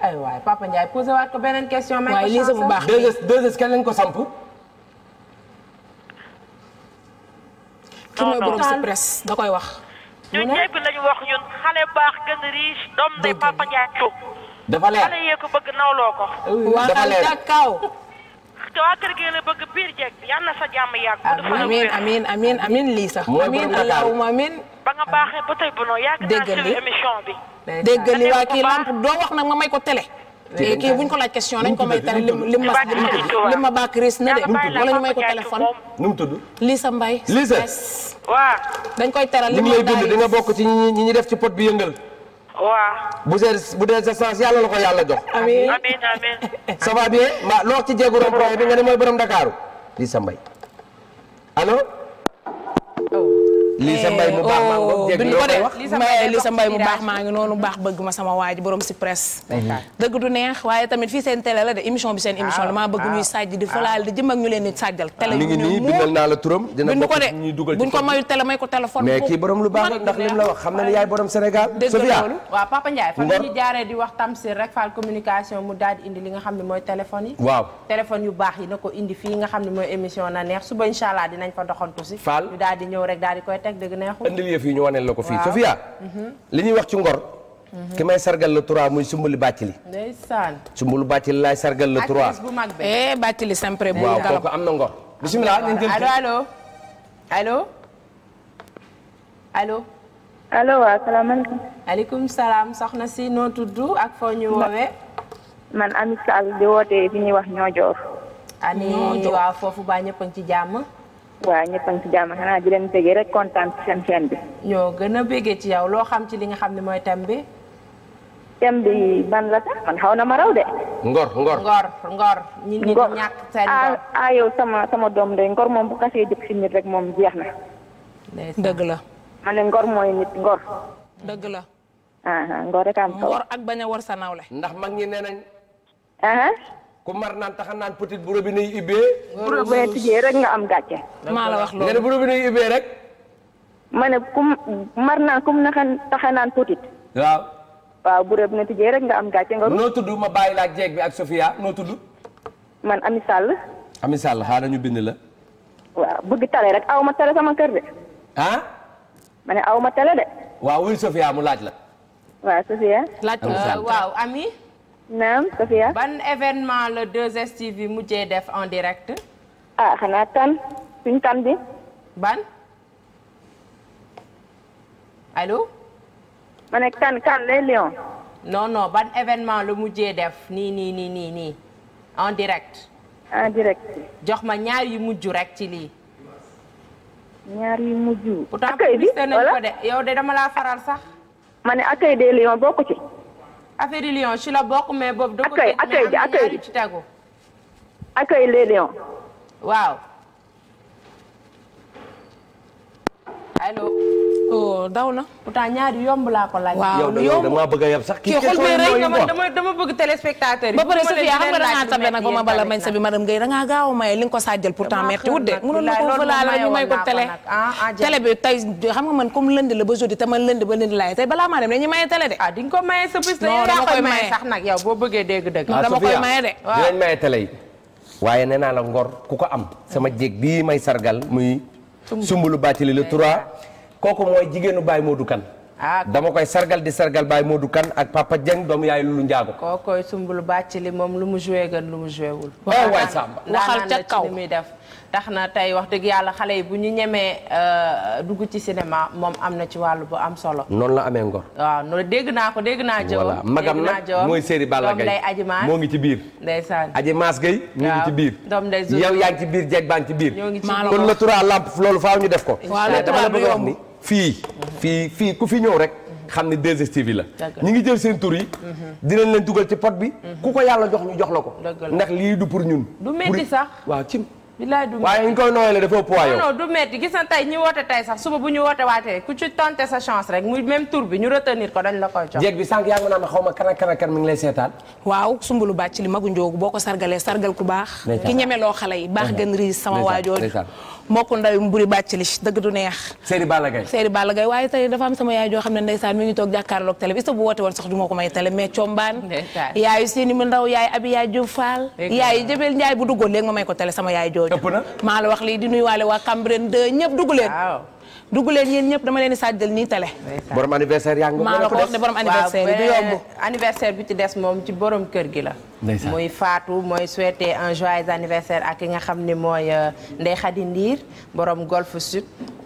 [SPEAKER 2] ay waay papa Ndiaye posé waat ko beneen question. may ko bu baax bi
[SPEAKER 1] kenn ko samp.
[SPEAKER 4] ki mooy borom si presse da koy wax. ñun ñëpp lañu wax ñun xale baax gën riche. doom day papa Ndiaye Thiaw. dafa leer xale yee ko bëgg nawloo ko. dafa leer waaw te waa kër gi la bëgg biir jeeg bi sa jàmm yàgg. amiin amiin
[SPEAKER 2] amiin amiin lii sax. amiin allahumma amiin. ba nga baaxee ba tey bu noo yàgg waa kii lamp doo wax nag ma may ko télé. Eh, kii buñ ko laaj question dañ ko may télé lim lim ma lim ma baak ris de wala ñu may ko téléphone. nu mu tudd Lisa Mbaye. Lisa dañ koy teral li mu lay bind nga
[SPEAKER 1] bokk ci ñi ñi def ci pot bi yëngal. waaw. bu bu dee sa sens yàlla la ko yàlla jox. amiin
[SPEAKER 2] amiin amiin.
[SPEAKER 1] ça va bien ma loo ci jéego rond-point bi nga ne mooy borom Dakar. lii sa mbay allo. Eh, oh, Lisa Mbaye mu maa ngi dégg loo
[SPEAKER 2] koy mu baax maa ngi noonu baax bëgg ma sama waaj borom si presse. dëgg du neex waaye tamit fii seen télé la de émission bi seen ah, émission la maa bëgg ah, ñuy sàjj di ah. falaal di jëm ak ñu leen sàjjal. télé loolu waaw Papa Ndiaye fan la ñu jaaree di wax Tamsir rek Fall communication mu daal di indi li nga xam ne mooy téléphone yi. waaw téléphone yu baax yi na ko indi fii nga xam ne mooy émission na neex suba incha dinañ fa doxantu si. Fall ñu daal ñëw rek rek dëgg neexul
[SPEAKER 1] ñu waneel la ko fii Sofia mhm. li ñuy wax ci ngor ki may sargal la trois muy sumbali bàccili
[SPEAKER 2] ndeysaan
[SPEAKER 1] sumbali bàccili lay sargal la trois bu
[SPEAKER 2] mag bi eh bàccili sempre bu waaw kooku am
[SPEAKER 1] na ngor bismillah
[SPEAKER 2] salaam soxna si noo tudd ak foo ñu woowee di wootee fi ñuy wax ñoo joor ani waaw foofu baa ñëpp ci jàmm
[SPEAKER 4] waa ñëpp a ci si jàmm xanaa di leen bégee rek kontaan ci seen chaîne bi.
[SPEAKER 2] ñoo gën a béggee ci yow loo xam ci li nga xam ne mooy thème bi.
[SPEAKER 4] thème bi ban la sax man xaw na ma raw de.
[SPEAKER 2] ngor
[SPEAKER 1] ngor ngor
[SPEAKER 4] ngor. ñi ngi ñàkk seen a ah, ah, yow sama sama doom de ngor moom bu rek moom jeex na. dëgg la. ma ngor mooy nit la. Ah, ngor rek am
[SPEAKER 2] ak bañ war sa naw nawle. ndax mag ñi nee nañ.
[SPEAKER 1] ku mar naan taxa naan petite bu robinet yi ubbee. bu robinet tijjee rek nga am
[SPEAKER 4] gàcce. maa la wax loolu nga ne bu
[SPEAKER 1] robinet yi ubbee rek.
[SPEAKER 4] ma ne ku mar naan ku naxa taxa naan petite. waaw. waaw bu na tijjee rek nga am gàcce nga. noo
[SPEAKER 1] tudd ma bàyyi la ak jeeg bi ak
[SPEAKER 4] Sofia noo tudd. man Ami Sall.
[SPEAKER 1] Ami Sall xaaral ñu bind la.
[SPEAKER 4] waaw bëgg tale rek aw ma tale sama kër de. ah. ma ne aw ma tale de.
[SPEAKER 1] waaw wuy Sofia mu
[SPEAKER 2] laaj la. waaw Sofia.
[SPEAKER 4] laaj waaw
[SPEAKER 2] Ami. naam Sofia. ban événement la 2STV mujjee def en direct.
[SPEAKER 4] ah xanaa tan suñ tan
[SPEAKER 2] bi. ban alo ma ne kan kan lay Lion. non ban événement la mujjee def nii nii nii nii nii en direct. en direct. jox ma ñaar yu mujj rek ci lii.
[SPEAKER 4] ñaar yu mujj.
[SPEAKER 2] pourtant publicité nañ yow de dama laa faral sax.
[SPEAKER 4] ma ne accueil des Lions ko ci.
[SPEAKER 2] affaire yi lion ci la bokk mais boobu. da ko teg mais am na ci tegu waaw oh daw na. pourtant ñaari yomb laa ko laaj. waaw lu yomb yow damaa
[SPEAKER 1] bëgg a yab sax. ba
[SPEAKER 2] da ngaa ma bala mañ sa bi madame Guèye da gaaw a maye li nga ko saajal metti wut de. mënoon na ko fëlaal rek ñu may ko ah, ah, bi tey xam nga man comme lënd la ba jeudi te man lënd ba lënd laay tey balaa maa dem dañuy maye de. ah di
[SPEAKER 1] la ngor ku ko am sama jéeg bii may sargal muy sumbulu bàccali le 3 kooku mooy jigéenu Baye moo du kan ah. dama koy
[SPEAKER 2] sargal di sargal Baye Modou Kane ak Papa Dieng doom yaay lu njaago kookoy sumbulu bàcc li moom lu mu joué gën lu mu joué wul eh, waay waay Samba waxal ca kaw muy def tax na tey wax dëgg yàlla xale yi bu ñu ñemee euh, dugg ci cinéma moom am na ci wàllu bu am solo. noonu la amee ngor. waaw noonu dégg naa ko dégg naa. jaww voilà magam nag mooy Séri Balla Gaye moo ngi ci biir. ndeysaan
[SPEAKER 1] aji maas gay mu ngi ci biir.
[SPEAKER 2] yow yaa ngi ci
[SPEAKER 1] biir jeeg baa ngi ci biir. ñoo ngi ci kon la tura lamp loolu faaw ñu def ko. waaw la tura bëgg wax ni. fii fii fii ku fi ñëw rek xam ne 2STV la ñu ngi jël seen tur yi mhm. dinañ leen dugal ci pot bi mhm. ku ko yàlla jox ñu jox la ko ndax lii du pour ñun du metti sax waaw cim
[SPEAKER 2] bilaay du metti waaye ñu
[SPEAKER 1] koy nooyale dafa poids yow non
[SPEAKER 2] du metti gis woote tey sax suba bu ñu woote waatee ku ci tenté sa chance rek muy même tur bi ñu retenir ko dañ la koy jox sànq yaa ngi naan xaw ma kan ak kan ngi lay seetaan waaw sumbulu bàcc li magu njoogu boo ko sargalee sargal ku baax ki ñeme loo xale yi baax gën riis sama waajooj moo ko ndaw mburi bàcc li dëgg du neex Seydi Balla Gaye Seydi Balla Gaye waaye tey dafa am sama yaay joo xam ne ndeysaan mi ngi toog jàkkaarloog télé bi bu woote woon sax du ma ko may télé mais combaan yaayu seeni mu ndaw yaay abi yaay Jóob Faal yaay jëbel Njaay bu duggoon léegi ma may ko télé sama yaay jooju ëpp maa la wax lii di nuy waale waa Cambérène 2 ñëpp dugg leen dugg leen yéen ñëpp dama leen di sàjjal nii télé.
[SPEAKER 1] borom anniversaire yaa ngi maa
[SPEAKER 2] la ne borom anniversaire bi ci des moom ci borom kër gi la. muy faatu mooy suweetee un joyeux anniversaire ak ki nga xam ne mooy euh, Ndeye Khady Ndiir borom Golf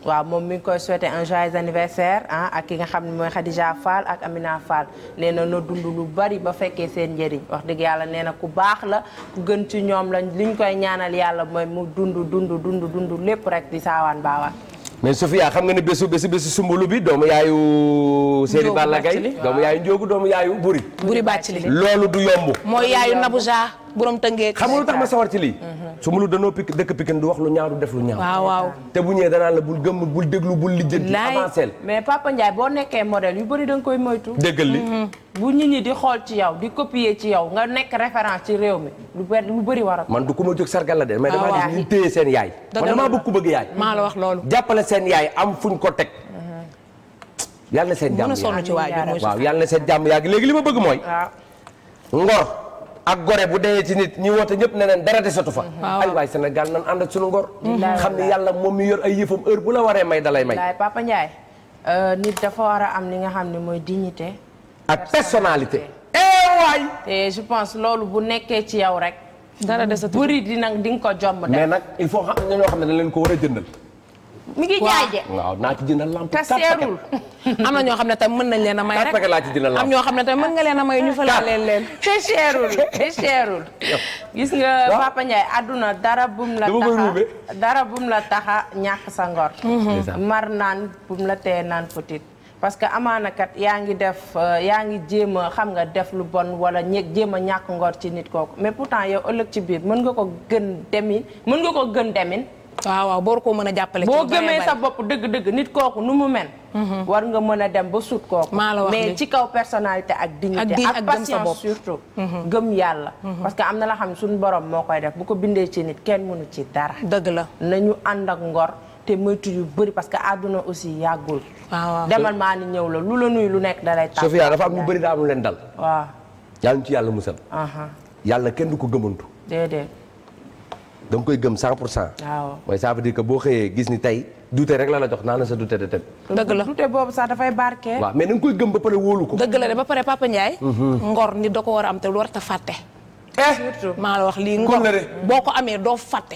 [SPEAKER 2] waaw moom mi ngi koy souhaiter un joyeux anniversaire ah ak nga xam ne mooy Khadija Fall ak Amina Fall nee na na dund lu bari ba fekkee seen njëriñ wax dëgg yàlla nee na ku baax la ku gën ci ñoom la liñ koy ñaanal yàlla mooy mu dund dund dund dund lépp rek di saawaan baawaan.
[SPEAKER 1] mais Sofia xam nga ne bésu bésu bésu sumbulu bi doomu yaayu. Seri Balla Gaye doomu yaayu Njóogu doomu yaayu Buri.
[SPEAKER 2] Buri bàcc li loolu
[SPEAKER 1] du yomb. mooy na
[SPEAKER 2] Nabouja. borom tëngee xam nga lu tax ma sawar ci lii mhm. su ma
[SPEAKER 1] lu danoo pik dëkk Pikine du wax lu ñaaw def lu ñaaw waaw waaw te bu ñëwee danaan la bul gëmm bul déglu bul lijjanti avancé
[SPEAKER 2] mais Papa Ndiaye boo nekkee modèle yu bëri da nga koy moytu déggal li mhm. bu nit ñi di xool ci yow di copier ci yow nga nekk référence ci réew mi lu bëri lu bëri war a
[SPEAKER 1] man du ku ma jóg sargal la de mais damaa ah, gis ñu téye seen yaay man damaa bëgg ku bëgg yaay maa la wax loolu jàppale seen yaay am fuñ ko teg mhm. yàlla na seen jàmm yàgg waaw yàlla seen jàmm yàgg léegi li ma bëgg mooy ah. ngor ak gore bu dee ci nit ñi woote ñëpp ne leen dara desatu fa ay waay Sénégal nan ànd ak sunu ngor xam ni yàlla moom mi yor ay yëfam heure bu la waree may dalay may
[SPEAKER 2] Papa Ndiaye euh, nit dafa war a am li nga xam ne mooy dignité
[SPEAKER 1] ak personnalité
[SPEAKER 2] eh waay te je pense loolu bu nekkee ci yow rek dara desatu bëri di nag di nga ko jomb mais
[SPEAKER 1] nag il faut xam ne ñoo xam ne dañ leen ko war a jëndal
[SPEAKER 2] mi ngi jaay de waaw naa ci jëndal lampe te seerul am na ñoo xam ne tam mën nañ leen a may rek am ñoo xam ne tam mën may ñu leen seerul seerul gis nga Papa àdduna dara bum la taxa dara bum la taxa ñàkk sa ngor mhm. mar naan bum la tee naan petit parce que amaanakat yaa ngi def euh, yaa ngi jéem a xam nga def lu bon wala ñe jéem a ñàkk ngor ci nit kooku mais pour temps yow ëllëg ci biir mën nga ko gën demin mën nga ko gën demin waaw waaw boo ko mën a jàppale. boo gëmee sa bopp dëgg-dëgg nit kooku nu mu mel. Mhm. war nga mën a dem ba suut kooku. maa la wax mais ci kaw personnalité ak dignité ak patience surtout. Mhm. gëm yàlla. Mhm. parce que am na la xam suñu borom moo koy def bu ko bindee ci nit kenn mënu ci dara. dëgg la nañu ànd ak ngor. te moytu yu bëri parce que àdduna aussi yàggul. waaw demal maa ni ñëw la lu la nuyu lu nekk da lay. tànn Sofia dafa am ñu bëri daa am leen dal. waaw. yàlla ñu ci yàlla
[SPEAKER 1] da nga koy gëm 100 pour cent. mooy ça veut dire boo xëyee gis ni tey duute rek la la jox naa na sa duute de tëb. dëgg la duute
[SPEAKER 2] dafay barke.
[SPEAKER 1] mais da koy gëm ba
[SPEAKER 2] pare wóolu ko. dëgg la de ba pare Papa Ndiaye. Mhm. ngor ni da ko war a am te lu war ta fàtte. Eh! surtout maa la wax lii ngor boo ko amee doo fàtte.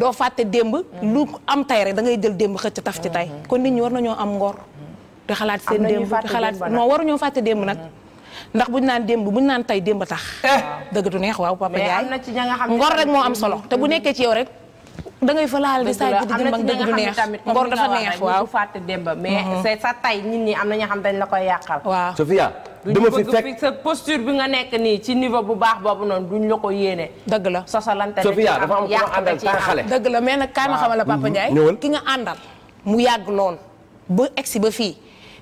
[SPEAKER 2] doo fàtte démb. Mm-hmm. lu am tay rek da ngay jël démb xëcc taf ci tey mm-hmm. kon nit ñi war nañoo am ngor. te xalaat seen démb te xalaat non waruñoo fàtte démb nag. Mm-hmm. ndax buñ naan démb buñ naan tey démb tax eh. dëgg du neex waaw papa Ndiaye ngor rek moo am solo te bu nekkee ci yow rek da ngay fa laal di saa ji di mag dëgg du neex waaw fàtte démb mais mm-hmm. c'est sa tay nit ñi am na ñoo xam dañ la koy yàqal waaw
[SPEAKER 1] Sofia dama fi fekk
[SPEAKER 2] sa posture bi nga nekk nii ci niveau bu baax boobu noonu duñ la ko yéene dëgg la sosalante Sofia dafa am ku ma àndal tan xale dëgg la mais nag kaay ma xamal la papa mm-hmm. Ndiaye ki nga àndal mu yàgg lool ba egsi ba fii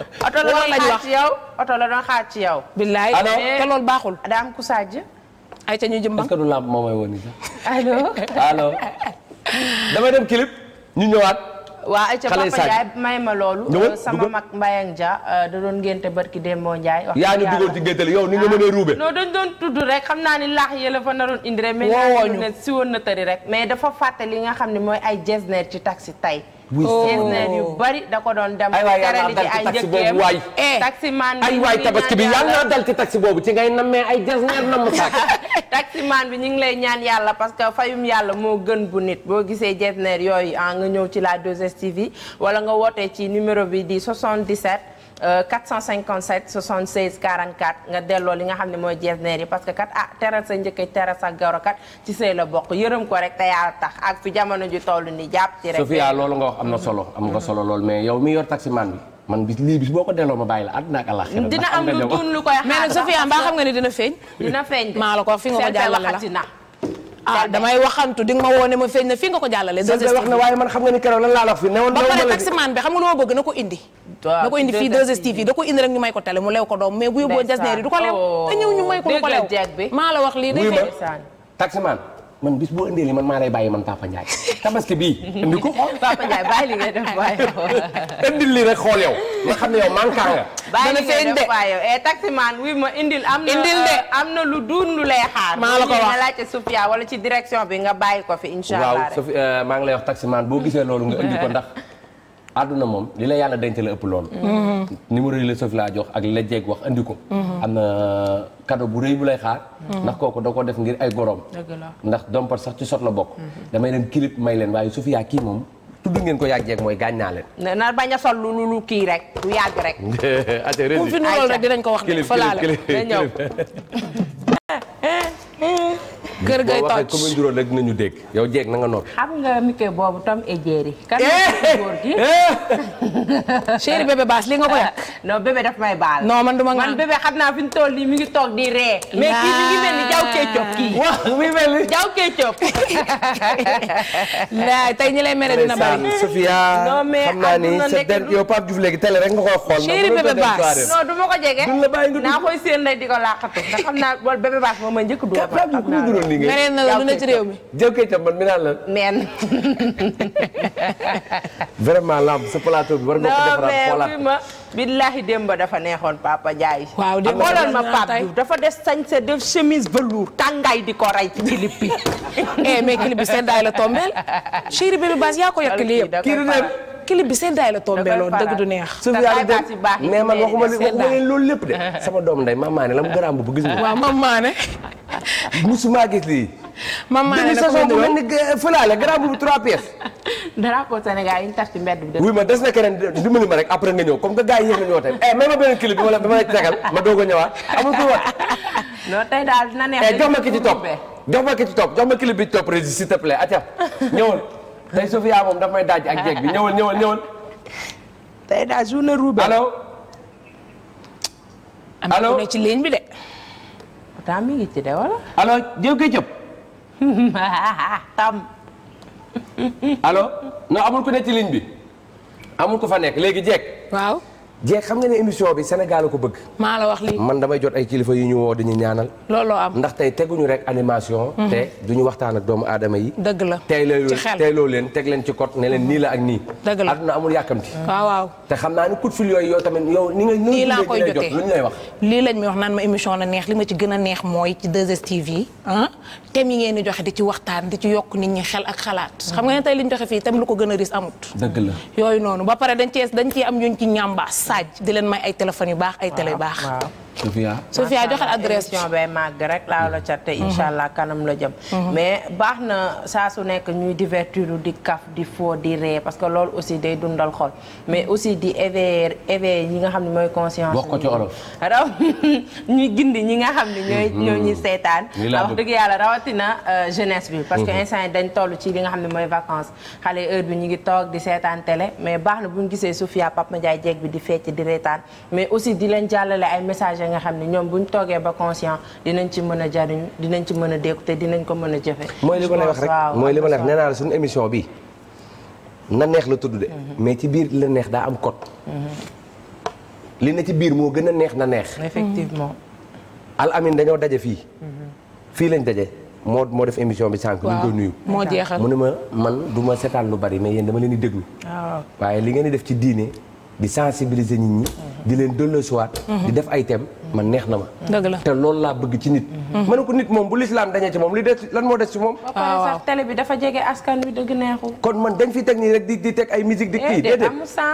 [SPEAKER 2] oto la doon xaar ci yow oto la doon ci yow. billaay te loolu baaxul. daa am ca ñu jëm ba.
[SPEAKER 1] est moo may woon nii sax.
[SPEAKER 2] allo allo.
[SPEAKER 1] damay dem clip ñu ñëwaat.
[SPEAKER 2] waa ayca Papa Ndiaye may ma loolu. Euh, sama mag Mbayang ja euh, da doon ngénte barki Dembo Ndiaye. wax yaa ñu dugal ci ngénte
[SPEAKER 1] yow ni nga ah. mënee ruube.
[SPEAKER 2] non dañ doon tudd rek xam naa ni laax yële fa naroon indi rek. mais si woon na tëri rek. mais dafa fàtte li nga xam ne mooy ay jesner ci taxi tay oui neen oh. yu bari da ko doon dem. terali ci ay njëkkeem eh, eh, taximaan bi aywaay tabaski bi yàlla naa
[SPEAKER 1] dal ci taxi boobu ci ngay nammee ay jas neer namm saak.
[SPEAKER 2] bi ñu ngi lay ñaan yàlla parce que fayum yàlla moo gën bu nit boo gisee jas neer yooyu ah, nga ñëw ci la 2STV wala nga wootee ci numéro bi di 77. 457 76 44 nga delloo li nga xam ne mooy jeesneer yi parce que kat ah teral sa njëkkëj teral sa goro kat ci sëy la bokk yërëm ko rek te yaa tax ak fi jamono ji toll ni jàpp ci rek Sofia loolu nga wax am na solo
[SPEAKER 1] am nga solo lool mais yow mi yor taximaan bi man bis lii bis boo ko delloo ma bàyyi la àddina ak àllaxira dina am lu dun
[SPEAKER 2] maa la ko fi nga ko jàllale la ah damay waxantu di nga ma woo ma feeñ na fii nga ko jàllale. dëgg wax na waaye man xam nga ni keroog lan laa la wax fii. newoon ba pare taximaan bi xam nga lu ma bëgg na ko indi. na ko indi fii 2STV da ko indi rek ñu may ko télé mu lew ko doom mais bu yóbboo jasneer yi du ko lew. te ñëw ñu may ko du ko lew oh, maa la wax lii day
[SPEAKER 1] taximaan man bis boo indee li man maa bàyyi man Papa Ndiaye tabaski bii indi ko
[SPEAKER 2] xool. Papa Ndiaye li ngay def waaye.
[SPEAKER 1] indil li rek xool yow xam ne yow manqué nga. bàyyi
[SPEAKER 2] li ngay def waaye yow eh ma indil. am na eh, am na lu duun lu lay xaar. maa ko wax nga laajte Soufia wala ci direction bi nga bàyyi ko fi. incha
[SPEAKER 1] maa ngi lay wax taximaan boo gisee loolu nga indi ko ndax. àdduna moom li la yàlla denc la ëpp loolu. Mm-hmm. numéro yi la Sophie laa jox ak la jeeg wax andi ko. Mm-hmm. am na cadeau bu rëy bu lay xaar. Mm-hmm. ndax kooku da ko def ngir ay goroom. ndax dompat sax ci sot la bokk. damay dem clip may leen waaye Sophie yaa kii moom. tudd ngeen ko yàgg jeeg mooy gaañ naa
[SPEAKER 2] leen. na bañ a sol lu lu kii rek lu yàgg rek.
[SPEAKER 1] ayca ku fi nu lool rek
[SPEAKER 2] dinañ ko wax. clip clip clip clip Eh. kër gay toj boo waxee
[SPEAKER 1] rek nañu dégg yow jeeg na nga noppi.
[SPEAKER 2] xam nga mi koy boobu Tom et Jerry. kan la eh. góor gi. Eh. chéri baas li nga ko yàq. non bébé daf may baal. non man duma nga man naa fi mu toll mi ngi toog di ree. mais kii mi ngi mel ni jaw keccop kii. waaw mi mel jaw keccop. laay tey ñi lay dina bari.
[SPEAKER 1] Sofia xam baas non
[SPEAKER 2] du ma ko jege. naa koy séen di ko laaxatu. ndax xam naa bébé baas moom ma njëkk Pape Diouf ñu la lu ne ci réew mi.
[SPEAKER 1] Diop Keita mi naan la. men vraiment lamb sa bi war nga ko defaraat xoolaat.
[SPEAKER 2] billahi dafa neexoon Papa Ndiaye. waaw Demba xoolal ma Pape Diouf dafa des sañ def chemise velours tàngaay di ko rey ci clip bi. eh mais clip bi seen daay la tombeel. chéri bébé Bass bi seen daay la tombeeloon dëgg du neex. su fi yàlla dem mais man waxuma leen loolu
[SPEAKER 1] lépp de. sama doom nday Mamaane la mu garaam bu gis nga. waaw Mamaane. musuma gis lii.
[SPEAKER 2] maman la nag saison bu mel ni fëlaale grand bu trois pièces. drapeau Sénégal yi ñu tax ci bi. wuy
[SPEAKER 1] des na keneen dimbali ma rek après nga ñëw comme que gars yi yéen a ñëw eh, ma benn clip bi ma tegal ma doog a ñëwaat
[SPEAKER 2] amul ku wax. tey daal dina neex eh, jox ma ki ci topp
[SPEAKER 1] jox ma ki ci topp jox ma bi ci topp Régis s'il te plaît atia ak jeeg
[SPEAKER 2] bi ñëwal ñëwal ñëwal. tey daal journée roubée allo. allo am na ci ligne bi de. pourtant mi ngi ci de wala. allo jëw kay jëp tam. allo non amul ku ne ci
[SPEAKER 1] ligne bi amul ku fa nekk léegi jekk jeeg xam nga ne émission bi Sénégal ko bëgg. maa la wax lii man damay jot ay kilifa yu ñu woo dañu ñaanal. looloo am ndax tey teguñu rek animation. Mhm. te du ñu waxtaan ak doomu aadama yi. dëgg la tey teyloo leen teg leen ci kot ne leen nii la ak nii. dëgg la àdduna amul waaw waaw xam naa ni yooyu yow tamit yow. ni nga nii laa koy jotee lu ñu lay wax.
[SPEAKER 2] lii lañ mi wax naan ma émission na neex li ma ci gën a neex mooy ci 2STV yi. Ah, thème yi ngeen di joxe di ci waxtaan di ci yokk nit ñi xel ak xalaat. Mhm. xam nga ne tey li ñu joxe fii thème lu ko gën a ris amut. dëgg la yooyu noonu ba pare dañ cee dañ cee am yuñ ci ñambaas saaj di leen may ay téléphones yu baax ay télé yu baax Sofia Sofia joxal adresse émission bay màgg rek laa la ca te mhm. incha allah kanam la jëm mhm. mais baax na saa su nekk ñuy divertiru di kaf di foo di ree parce que loolu aussi day dundal xol mais aussi di éveiller éveiller ñi nga xam ne mooy conscience wax ko ci olof raw ñi nga xam ni ñooy mhm. ñoo ñuy seetaan wax dëgg yàlla rawatina euh, jeunesse bi parce que instant yi dañ toll ci li nga xam ne mooy vacances xale heure bi ñu ngi toog di seetaan télé mais baax na bu gisee Sofia Papa Ndiaye jeeg bi di fecc di reetaan nga xam ne ñoom buñ toogee ba conscient dinañ ci mën a jariñu dinañ ci mën a dékku te dinañ ko mën a jëfe mooy li ma lay wax rek mooy li ma lay wax nee
[SPEAKER 1] naa la émission bi na neex la tudd de mhm. mais ci biir la neex daa am code mhm. li ne ci biir moo gën a neex na neex effectivement mhm. al dañoo daje fii fii lañ daje moo moo def émission bi sànq. waaw ñu nuyu. moo jeexal mu ne ma man du ma seetaan lu bari mais yéen dama leen di déglu. waaye li ngeen di def ci diine di sensibiliser nit ñi. di leen delloosiwaat. di def ay man neex na ma. dëgg la te loolu laa bëgg ci nit. Mhm. ma ne ko nit moom bu lislaam dañee ci moom li des lan moo des ci moom. waaw ba
[SPEAKER 2] pare ah, jege askan wi dëgg neexu.
[SPEAKER 1] kon man dañ fi teg nii rek di di teg ay musique di kii eh, déedéet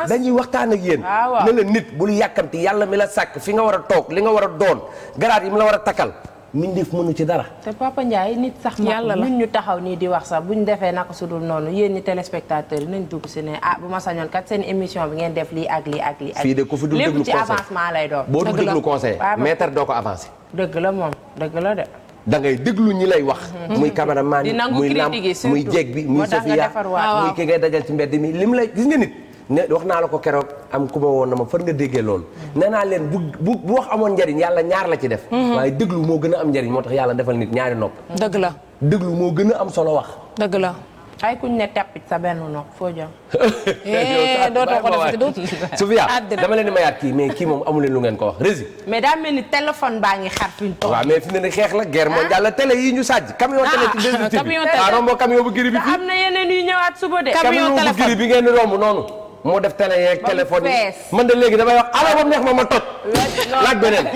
[SPEAKER 1] dañuy waxtaan ak yéen. Ah, ne la nit bul yàkkamti yàlla mi la sàkk fi nga war a toog li nga war a doon garaat yi mu la war a takkal mindeef mënu ci dara.
[SPEAKER 2] te Papa Ndiaye nit sax. yàlla la ñun ñu taxaw nii di wax sax bu ñu defee naka su dul noonu yéen ñi téléspectateur yi nañ dugg si ne ah bu ma sañoon kat seen émission bi ngeen def lii ak lii ak lii. fii de ku fi dul déglu conseil lépp ci avancement lay doon. boo dul déglu conseil maître doo ko avancé. dëgg la moom dëgg la de.
[SPEAKER 1] da ngay déglu ñi lay wax. Mhm. muy cameraman muy lamp muy jeeg bi muy Sofia muy ki ngay dajal ci mbedd mi lim lay gis nga ne wax naa la ko keroog am ku ma woon na ma fan nga déggee loolu nee naa leen bu bu bu wax amoon njariñ yàlla ñaar la ci def mhm. waaye déglu moo gën a am njariñ moo tax yàlla defal nit ñaari nopp dëgg la déglu moo gën a am solo wax
[SPEAKER 2] dëgg la ay kuñ ne tepp sa benn nopp foo jëm.
[SPEAKER 1] Eh, dootoo ko defati dootul. Sofia dama leen di mayaat kii mais kii moom amu leen lu ngeen ko wax rési. ni xeex la guerre mondiale ah. la yi ñu sàcc. camion télé ah, ci bi camion télé waaw ah, rombo camion bu giri
[SPEAKER 2] bi. am na yeneen yu ñëwaat suba de. camion téléphone
[SPEAKER 1] bu giri bi ngeen romb noonu. moo def télé yeeg téléphone yi man de léegi damay wax ala ba neex ma ma toj. laaj beneen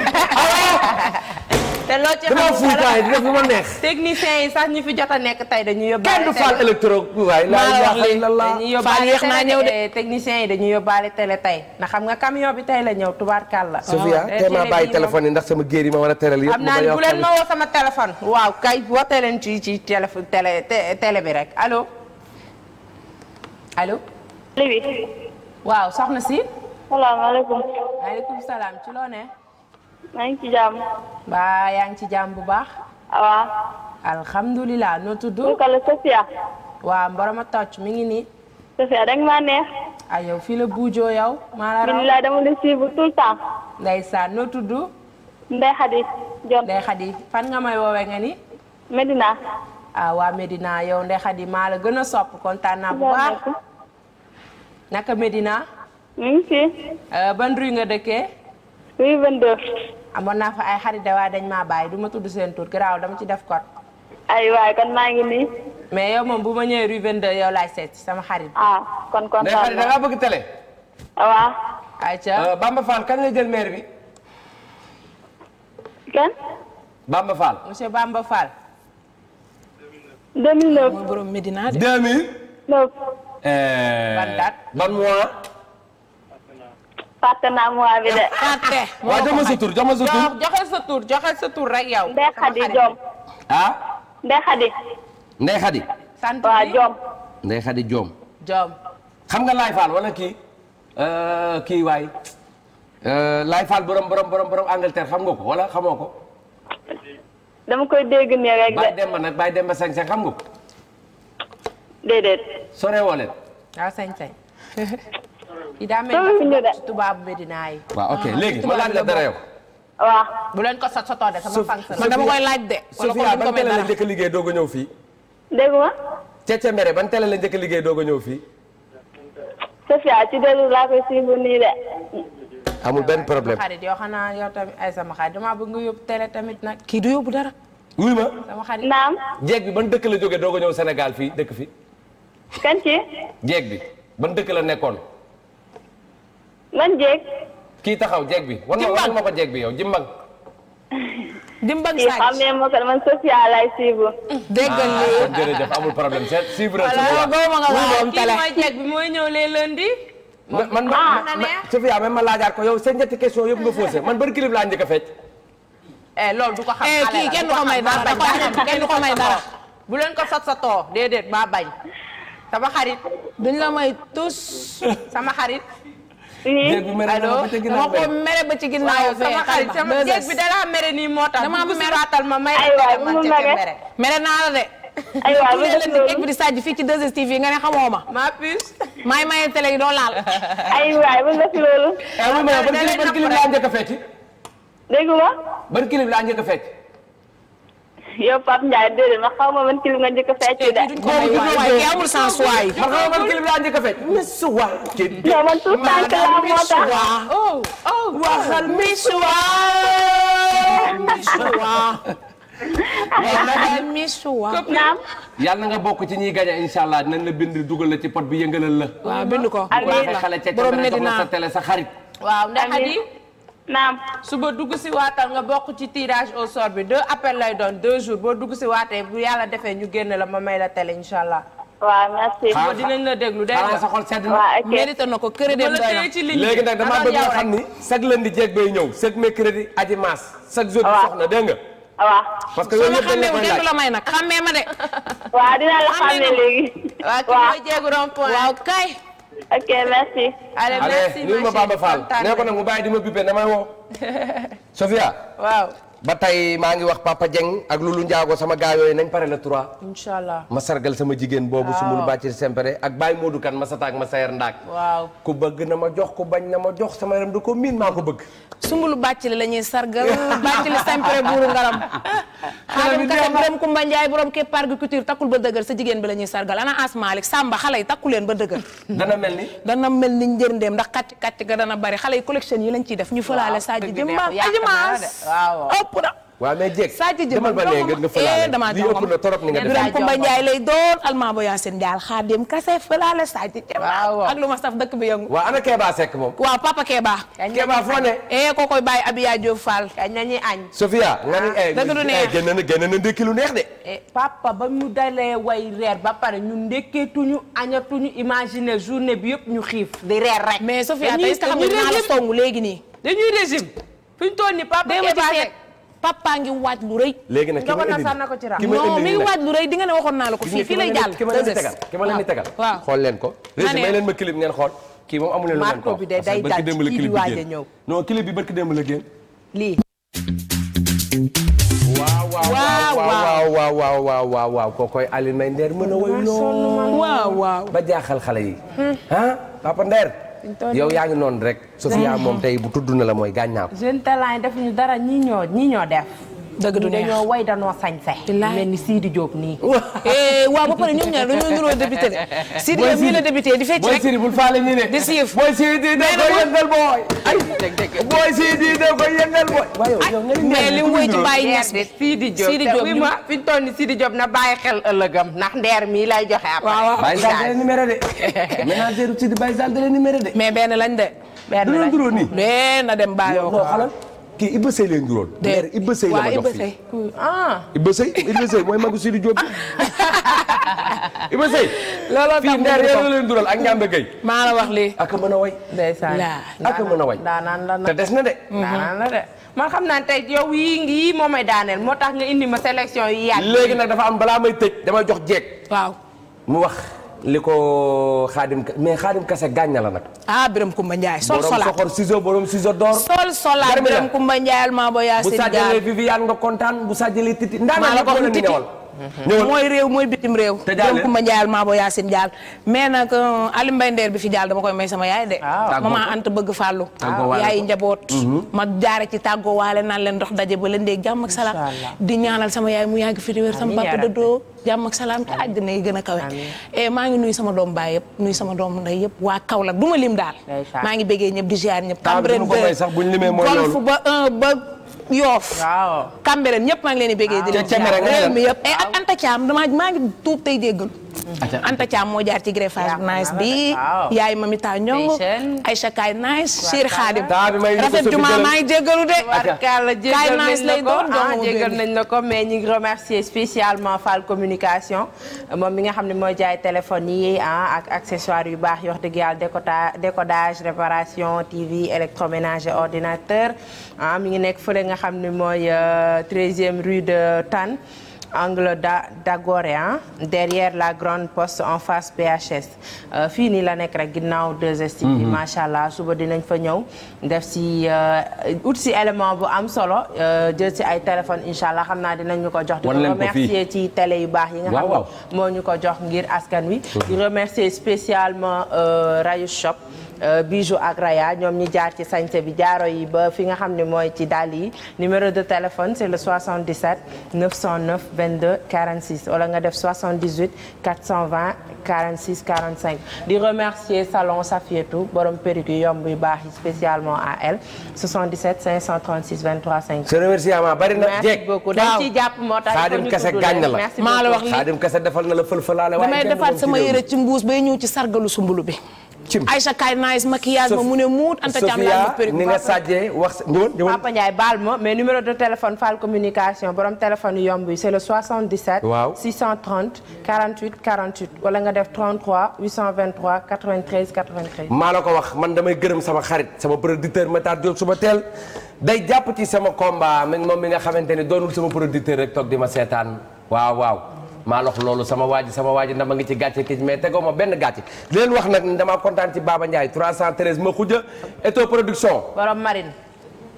[SPEAKER 2] te loo ci xamul dama fuutaay di def lu ma neex. technicien yi sax ñu fi jot a nekk tey dañuy yóbbaale. kenn du faal électro waay la ilaha illallah faal yéex naa ñëw de eh, technicien yi dañuy yóbbaale télé tey ndax xam nga camion bi tey la ñëw tubaarkàlla. Sofia eh, tey maa bàyyi téléphone
[SPEAKER 1] yi ndax sama géer yi ma war a teral yëpp. xam naa bu leen ma woo
[SPEAKER 2] sama téléphone. waaw kay wootee leen ci ci téléphone télé télé bi rek allo waaw soxna si. salaamaaleykum. maaleykum salaam ci loo ne. maa ngi ci jàmm. waa yaa ngi ci jàmm bu baax. waaw. alhamdulilah noo tudd. Kala Sofia. waa Mboroma Tocc mi ngi nii. Sofia da nga neex. ah yow fii la buujoo yow. maa la raw bilaay dama la suivre tout le temps. ndeysaan noo tudd. Ndeye Khady Diop. Ndeye fan nga may woowee nga ni. Medina. Ah, waa Medina yow Ndeye Khady maa la gën a sopp kontaan naa bu baax. naka Medina. ñu ngi fi. Euh, ban rue nga dëkkee. rue naa fa ay xarit de waaye dañ ma bàyyi du ma tudd seen tur garaaw dama ci def kot. ay waay kon maa ngi nii. mais yow moom bu ma ñëwee rue 22 yow seet sama xarit. ah kon kontaan naa xarit da ngaa bëgg télé. waaw. ayca euh, Bamba Fall kañ la jël maire bi. kan. Bamba Fall. monsieur Bamba Fall. 2009 mooy borom Medina de. 2009.
[SPEAKER 1] ban euh, date
[SPEAKER 4] ban mois. fàtte naa mois bi de. fàtte. waaw jox ma
[SPEAKER 2] sa tur jox rek yow. Ndeye Khady Diom. ah. Ndeye Khady. Ndeye Khady. sant bi waaw Diom.
[SPEAKER 1] Ndeye Khady Diom. xam nga Laye Fall wala kii euh,
[SPEAKER 2] kii waay euh,
[SPEAKER 1] Laye Fall borom borom borom borom xam nga ko wala xamoo ko.
[SPEAKER 4] dama koy dégg nii rek de. Baye
[SPEAKER 1] Demba nag Baye Demba 5 xam nga ko. déedéet. sore woo leen.
[SPEAKER 2] waaw sañ sañ. daa mel ni dafa tubaab Medina yi.
[SPEAKER 1] waaw ok ah, léegi ma laaj la dara yow.
[SPEAKER 2] bu leen ko sot sotoo de sama fan. man laaj de. wala la
[SPEAKER 1] njëkk liggéey doog ñëw fii.
[SPEAKER 4] dégg
[SPEAKER 2] nga.
[SPEAKER 1] Cece Mbere ban télé la njëkk liggéey doog ñëw fii.
[SPEAKER 2] Sofia ci dellu laa benn problème xarit yoo tamit ay sama xarit damaa tamit nag. kii du yóbbu dara. wuy ma sama xarit
[SPEAKER 1] bi ban dëkk la jógee doog a ñëw Sénégal fii dëkk fi kan ci. jeeg bi ban dëkk la nekkoon. man jeeg. kii taxaw jeeg bi. wan ma ko jeeg bi yow jimbang.
[SPEAKER 4] dimbang saa yi xam ne moo ko man social lay suivre.
[SPEAKER 2] dégg
[SPEAKER 1] nga lii ah, amul problème c'est suivre. voilà góob nga
[SPEAKER 2] waaw kii mooy jeeg bi man man ah. man
[SPEAKER 1] Sofia même ma laajaat ko yow seen ñetti question yëpp nga faussé man bari clip laa njëkk a fecc.
[SPEAKER 2] Eh, du ko xam xale eh, la kii kenn du ko may dara kenn du ko may dara. bu leen bañ. sama xarit. duñ la may tus sama xarit. nii allo dama ko mere ba ci ginnaaw fee sama xarit sama jéeg bi dala mere nii moo tax. dama meraatal ma may mere. mere naa la de. aywa lu def loolu bu di sàjj fii ci 2STV nga ne xamoo ma. maa puus. maay maye télé yi doo laal. aywa bu def loolu. aywa eh, ban kilib ban kilib laa njëkk a fecc.
[SPEAKER 4] dégg nga. ban kilib laa njëkk a fecc. yow Pape Ndiaye déedéet man xaw ma man clip nga njëkk a fecc de. Eh, waaye amul sens waay man xaw ma man clip laa njëkk a fecc. Missouwa. non
[SPEAKER 3] man tout tànk laa moo tax.
[SPEAKER 2] oh oh waxal Missouwa. Missouwa. Missouwa. naam.
[SPEAKER 1] yàlla nga bokk ci ñuy gañe incha allah dinañ la bind dugal la ci pot bi yëngalal la. waaw ko. amiin borom ne dinaa xale ca sa télé sa xarit.
[SPEAKER 2] waaw ndax naam suba dugg si waatal nga bokk ci tirage au sort bi deux appel lay doon deux jours boo dugg si waatee bu yàlla defee ñu génn la ma may la télé incha allah. waaw merci. suba dinañ la déglu dégg nag damaa bëgg nga xam
[SPEAKER 1] ni. chaque lundi jeeg bay ñëw chaque mercredi aji maas. chaque jour bi soxna dégg nga. waaw parce que yooyu yëpp dañ la la
[SPEAKER 2] may nag xàmmee ma de. waaw dina la xàmmee léegi. waaw kii mooy jeegu rond point waaw kay. ok merci. allez merci ma Bamba Fall. nee ko
[SPEAKER 1] nag mu bàyyi di ma bippé damay woo. Sofia waaw. ba tey maa ngi wax Papa Dieng ak Lulu Ndiago sama gaa yooyu nañ pare la 3.
[SPEAKER 2] incha allah
[SPEAKER 1] ma sargal sama jigéen boobu. su mun bàcc sempere ak Baye Modou kan ma sa ma sayer ndaak. waaw na ma jox ku bañ na ma jox sama yaram da ko miin maa ko bëgg.
[SPEAKER 2] sumbulu bàcc la ñuy sargal bàcc la sempere buuru ngaram. xaaral kata borom Kumba Ndiaye borom keppaar gi culture takkul ba dëgër sa jigéen bi la ñuy sargal ana Asmalik sàmba xale yi takku leen ba dëgër. dana mel ni. dana mel ni njërndeem ndax kàcc kàcc ga dana bari xale yi collection yi lañ ciy def. ñu fëlaale Sadji Jemma ëpp
[SPEAKER 1] na. waaw mais jéeg demal ba léegi nga fëlaale eh, lii ëpp na torop ni nga def. Birame Koumba Ndiaye
[SPEAKER 2] lay doon Alma Boyan Sène Ndiaye Xaadim Kase fëlaale saa ci jëm. waaw lu ma saf dëkk bi yëngu. waaw
[SPEAKER 1] ana Kéba Seck moom. waaw
[SPEAKER 2] papa Kéba. Kéba foo ne. eh koo koy bàyyi Abia Diop Fall. kañ la ñuy añ. Sofia ah, nga ni eh, eh
[SPEAKER 1] génn na de.
[SPEAKER 2] Eh, papa ba mu dalee way reer ba pare ñun ndékkeetuñu añatuñu imaginer journée bi yëpp ñu xiif. di reer rek. mais Sofia tey est-ce que xam songu léegi nii. dañuy régime fi papa ngi waaj lu rëy. léegi nag ki ma indi ki ma indi non mi ngi waaj lu rëy di nga ne waxoon naa la ko fii fii lay jàll. ki ma leen di tegal leen
[SPEAKER 1] xool leen ko. régi may leen ma clip ngeen xool. kii moom amu leen lu leen ko wax parce que barki démb la clip bi génn non clip bi barki démb
[SPEAKER 2] waaw waaw waaw waaw
[SPEAKER 1] waaw waaw waaw waaw kookoy a woy lool.
[SPEAKER 2] waaw
[SPEAKER 1] ba jaaxal xale yi.
[SPEAKER 2] Hmm. ah yow yaa ngi
[SPEAKER 1] noonu rek Sofia moom tey bu tudd na la mooy gaañ naa ko
[SPEAKER 2] jeune talent yi dara ñi ñoo ñi ñoo def dëgg du neex dañoo way danoo sañse. bilaay mel ni Sidi Diop nii. Eh, waaw ba pare ñoom ñaar dañoo niroo débuté de. Sidi di fecc rek booy Sidi di siif booy Sidi da koy booy. ay booy Sidi da koy yëngal booy. ci Baye Niass na bàyyi xel ëllëgam ndax ndeer mii lay joxe après. waaw waaw Baye Sall numéro de. ménagère Sidi Baye Sall de. mais benn lañ de. benn lañ de na dem bàyyi
[SPEAKER 1] kii Ibou Seye lay nduroon. mère Ibou Seye la ma jox
[SPEAKER 2] fii ah
[SPEAKER 1] Ibou Seye Ibou Seye mooy magu Sidi Diop
[SPEAKER 2] Ibou looloo tax mu ngi maa la wax lii. ak a mën a way. ndeysaan ak a mën a way. daanaan la te de. man xam naa tey yow yii moo may daaneel moo tax nga indi ma sélection yi yàgg. léegi nag
[SPEAKER 1] dafa am balaa may tëj damay jox jeeg. waaw mu wax. li ko xaadim mais xaadim kase gaañ na la nag.
[SPEAKER 2] ah Biram Kumba Ndiaye. sol sola borom
[SPEAKER 1] soxor ciseau borom ciseau d'or. sol sola Biram
[SPEAKER 2] Kumba Ndiaye almaa booy. yaa seen bu sàjjalee
[SPEAKER 1] Viviane nga kontaan bu sàjjalee Titi. maa la ko titi mooy
[SPEAKER 2] réew mooy bitim réew. te jaal ma jaal maa boo Yacine Diall. mais nag euh, Ndeer bi fi jaal dama koy may sama yaay de. ah maman Anta bëgg fàllu. yaay njaboot. Mm-hmm. ma jaare ci tàggoo waale naan leen ndox daje ba leen dee jàmm ak salaam. di ñaanal sama yaay mu yàgg fi di wér sama papa dëddoo. jàmm ak salaam te àjjana yi gën a kawe. e maa ngi nuy sama doom baa yëpp nuyu sama doom ndey yëpp waa Kaolack du ma lim daal. maa ngi bëggee ñëpp di ziar ñëpp. Cambérène ah, yoof waaw Cambérène ñëpp maa ngi leen di béggee ah. di leen réew mi yëpp ak eh, Anta Thiam dama maa ngi tuub tey déggalu Anta Thiam moo jaar ci greffage nice bi yaay Mamita Ñong Aïcha Kaay nice Cheikh Khadim rafet juma maa ngi jéggalu de Kaay nice lay doon ah, jéggal nañ la ko mais ñu ngi remercier spécialement Fall Communication moom mi nga xam ne mooy jaay téléphone yi ah, ak accessoires yu baax yoo wax dëgg yàlla décodage réparation TV électroménager ordinateur mi ngi nekk fële nga xam ni mooy 13e euh, rue de Hann angle da Dagoré derrière la grande poste en face PHS euh, fii nii la nekk rek ginnaaw 2STV bi mhm. macha allah suba dinañ fa ñëw def si euh, ut si élément bu am solo jël si ay téléphone incha allah xam naa dinañ ñu ko jox. di remercier ci télé yu baax yi nga xam moo ñu ko jox ngir askan wi. di remercier spécialement rajo shop Euh, bijou ak raya ñoom ñi jaar ci sañse bi jaaro yi ba fi nga xam ne mooy ci dàll yi numéro de téléphone c'est le 77 909 22 46 wala nga def 78 420 46 45 di remercier salon Safietou borom perruque yu yomb yu baax yi spécialement à elle 77 536 23 5 se remercier ama bari na jeeg merci beaucoup dañ jàpp moo tax Xaadim Kase gaañ na la wax li Xaadim
[SPEAKER 1] Kase defal na la fël-fëlaale waaye damay defaat sama yére
[SPEAKER 2] ci mbuus ñëw ci sargalu sumbulu bi cim Aïcha Kaye maquillage ma mu ne muut Anta Thiam laa ma perruque ni nga
[SPEAKER 1] sàjjee wax ñëwal
[SPEAKER 2] Papa Ndiaye baal ma mais numéro de téléphone Fall communication borom téléphone yu yomb yi c'est le 77. waaw 630 48 48 wala nga def maa
[SPEAKER 1] la ko wax man damay gërëm sama xarit sama producteur Matar su ma teel day jàpp ci sama combat moom mi nga xamante ne doonul sama producteur rek toog di ma seetaan waaw waaw. maa lox loolu sama waaj sama waa ji ndama ngi ci gàcce ki mais tegoo ma benn gàcce di leen wax nag damaa kontaan ci Baba Ndiaye 313 ma xuja Eto production. borom marine.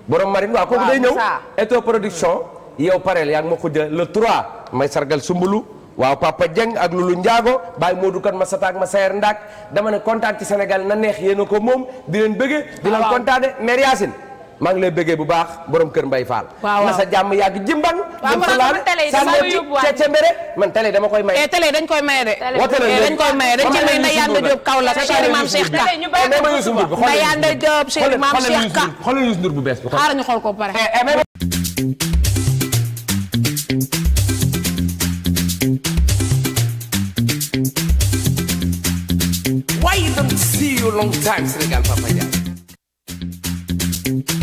[SPEAKER 1] borom marine waaw kooku day ñëw Eto production. yow pareel yaa ngi ma xuja la 3 may sargal sumbulu. waaw Papa Dieng ak Lulu Ndiago Baye Modou kan ma sataak ma sayer ndaak dama ne kontaan ci Sénégal na neex yéen a ko moom di leen bëggee. di leen ah, kontaane Mère Yacine maa ngi lay bëggee bu baax borom kër Mbay Fall. na sa jàmm yàgg jimban. waaw man man télé yi dama yóbbuwaat man télé
[SPEAKER 2] dama koy maye. Eh, télé dañ koy maye de. Eh, dañ koy maye dañ ci may na Yanda Diop kaw la. maam Cheikh Ka eh, na Yanda Diop chéri maam Cheikh Ka.
[SPEAKER 1] xoolal Youssou Ndour bu bees
[SPEAKER 2] bi xaaral ñu xool ko pare.
[SPEAKER 1] Why
[SPEAKER 3] you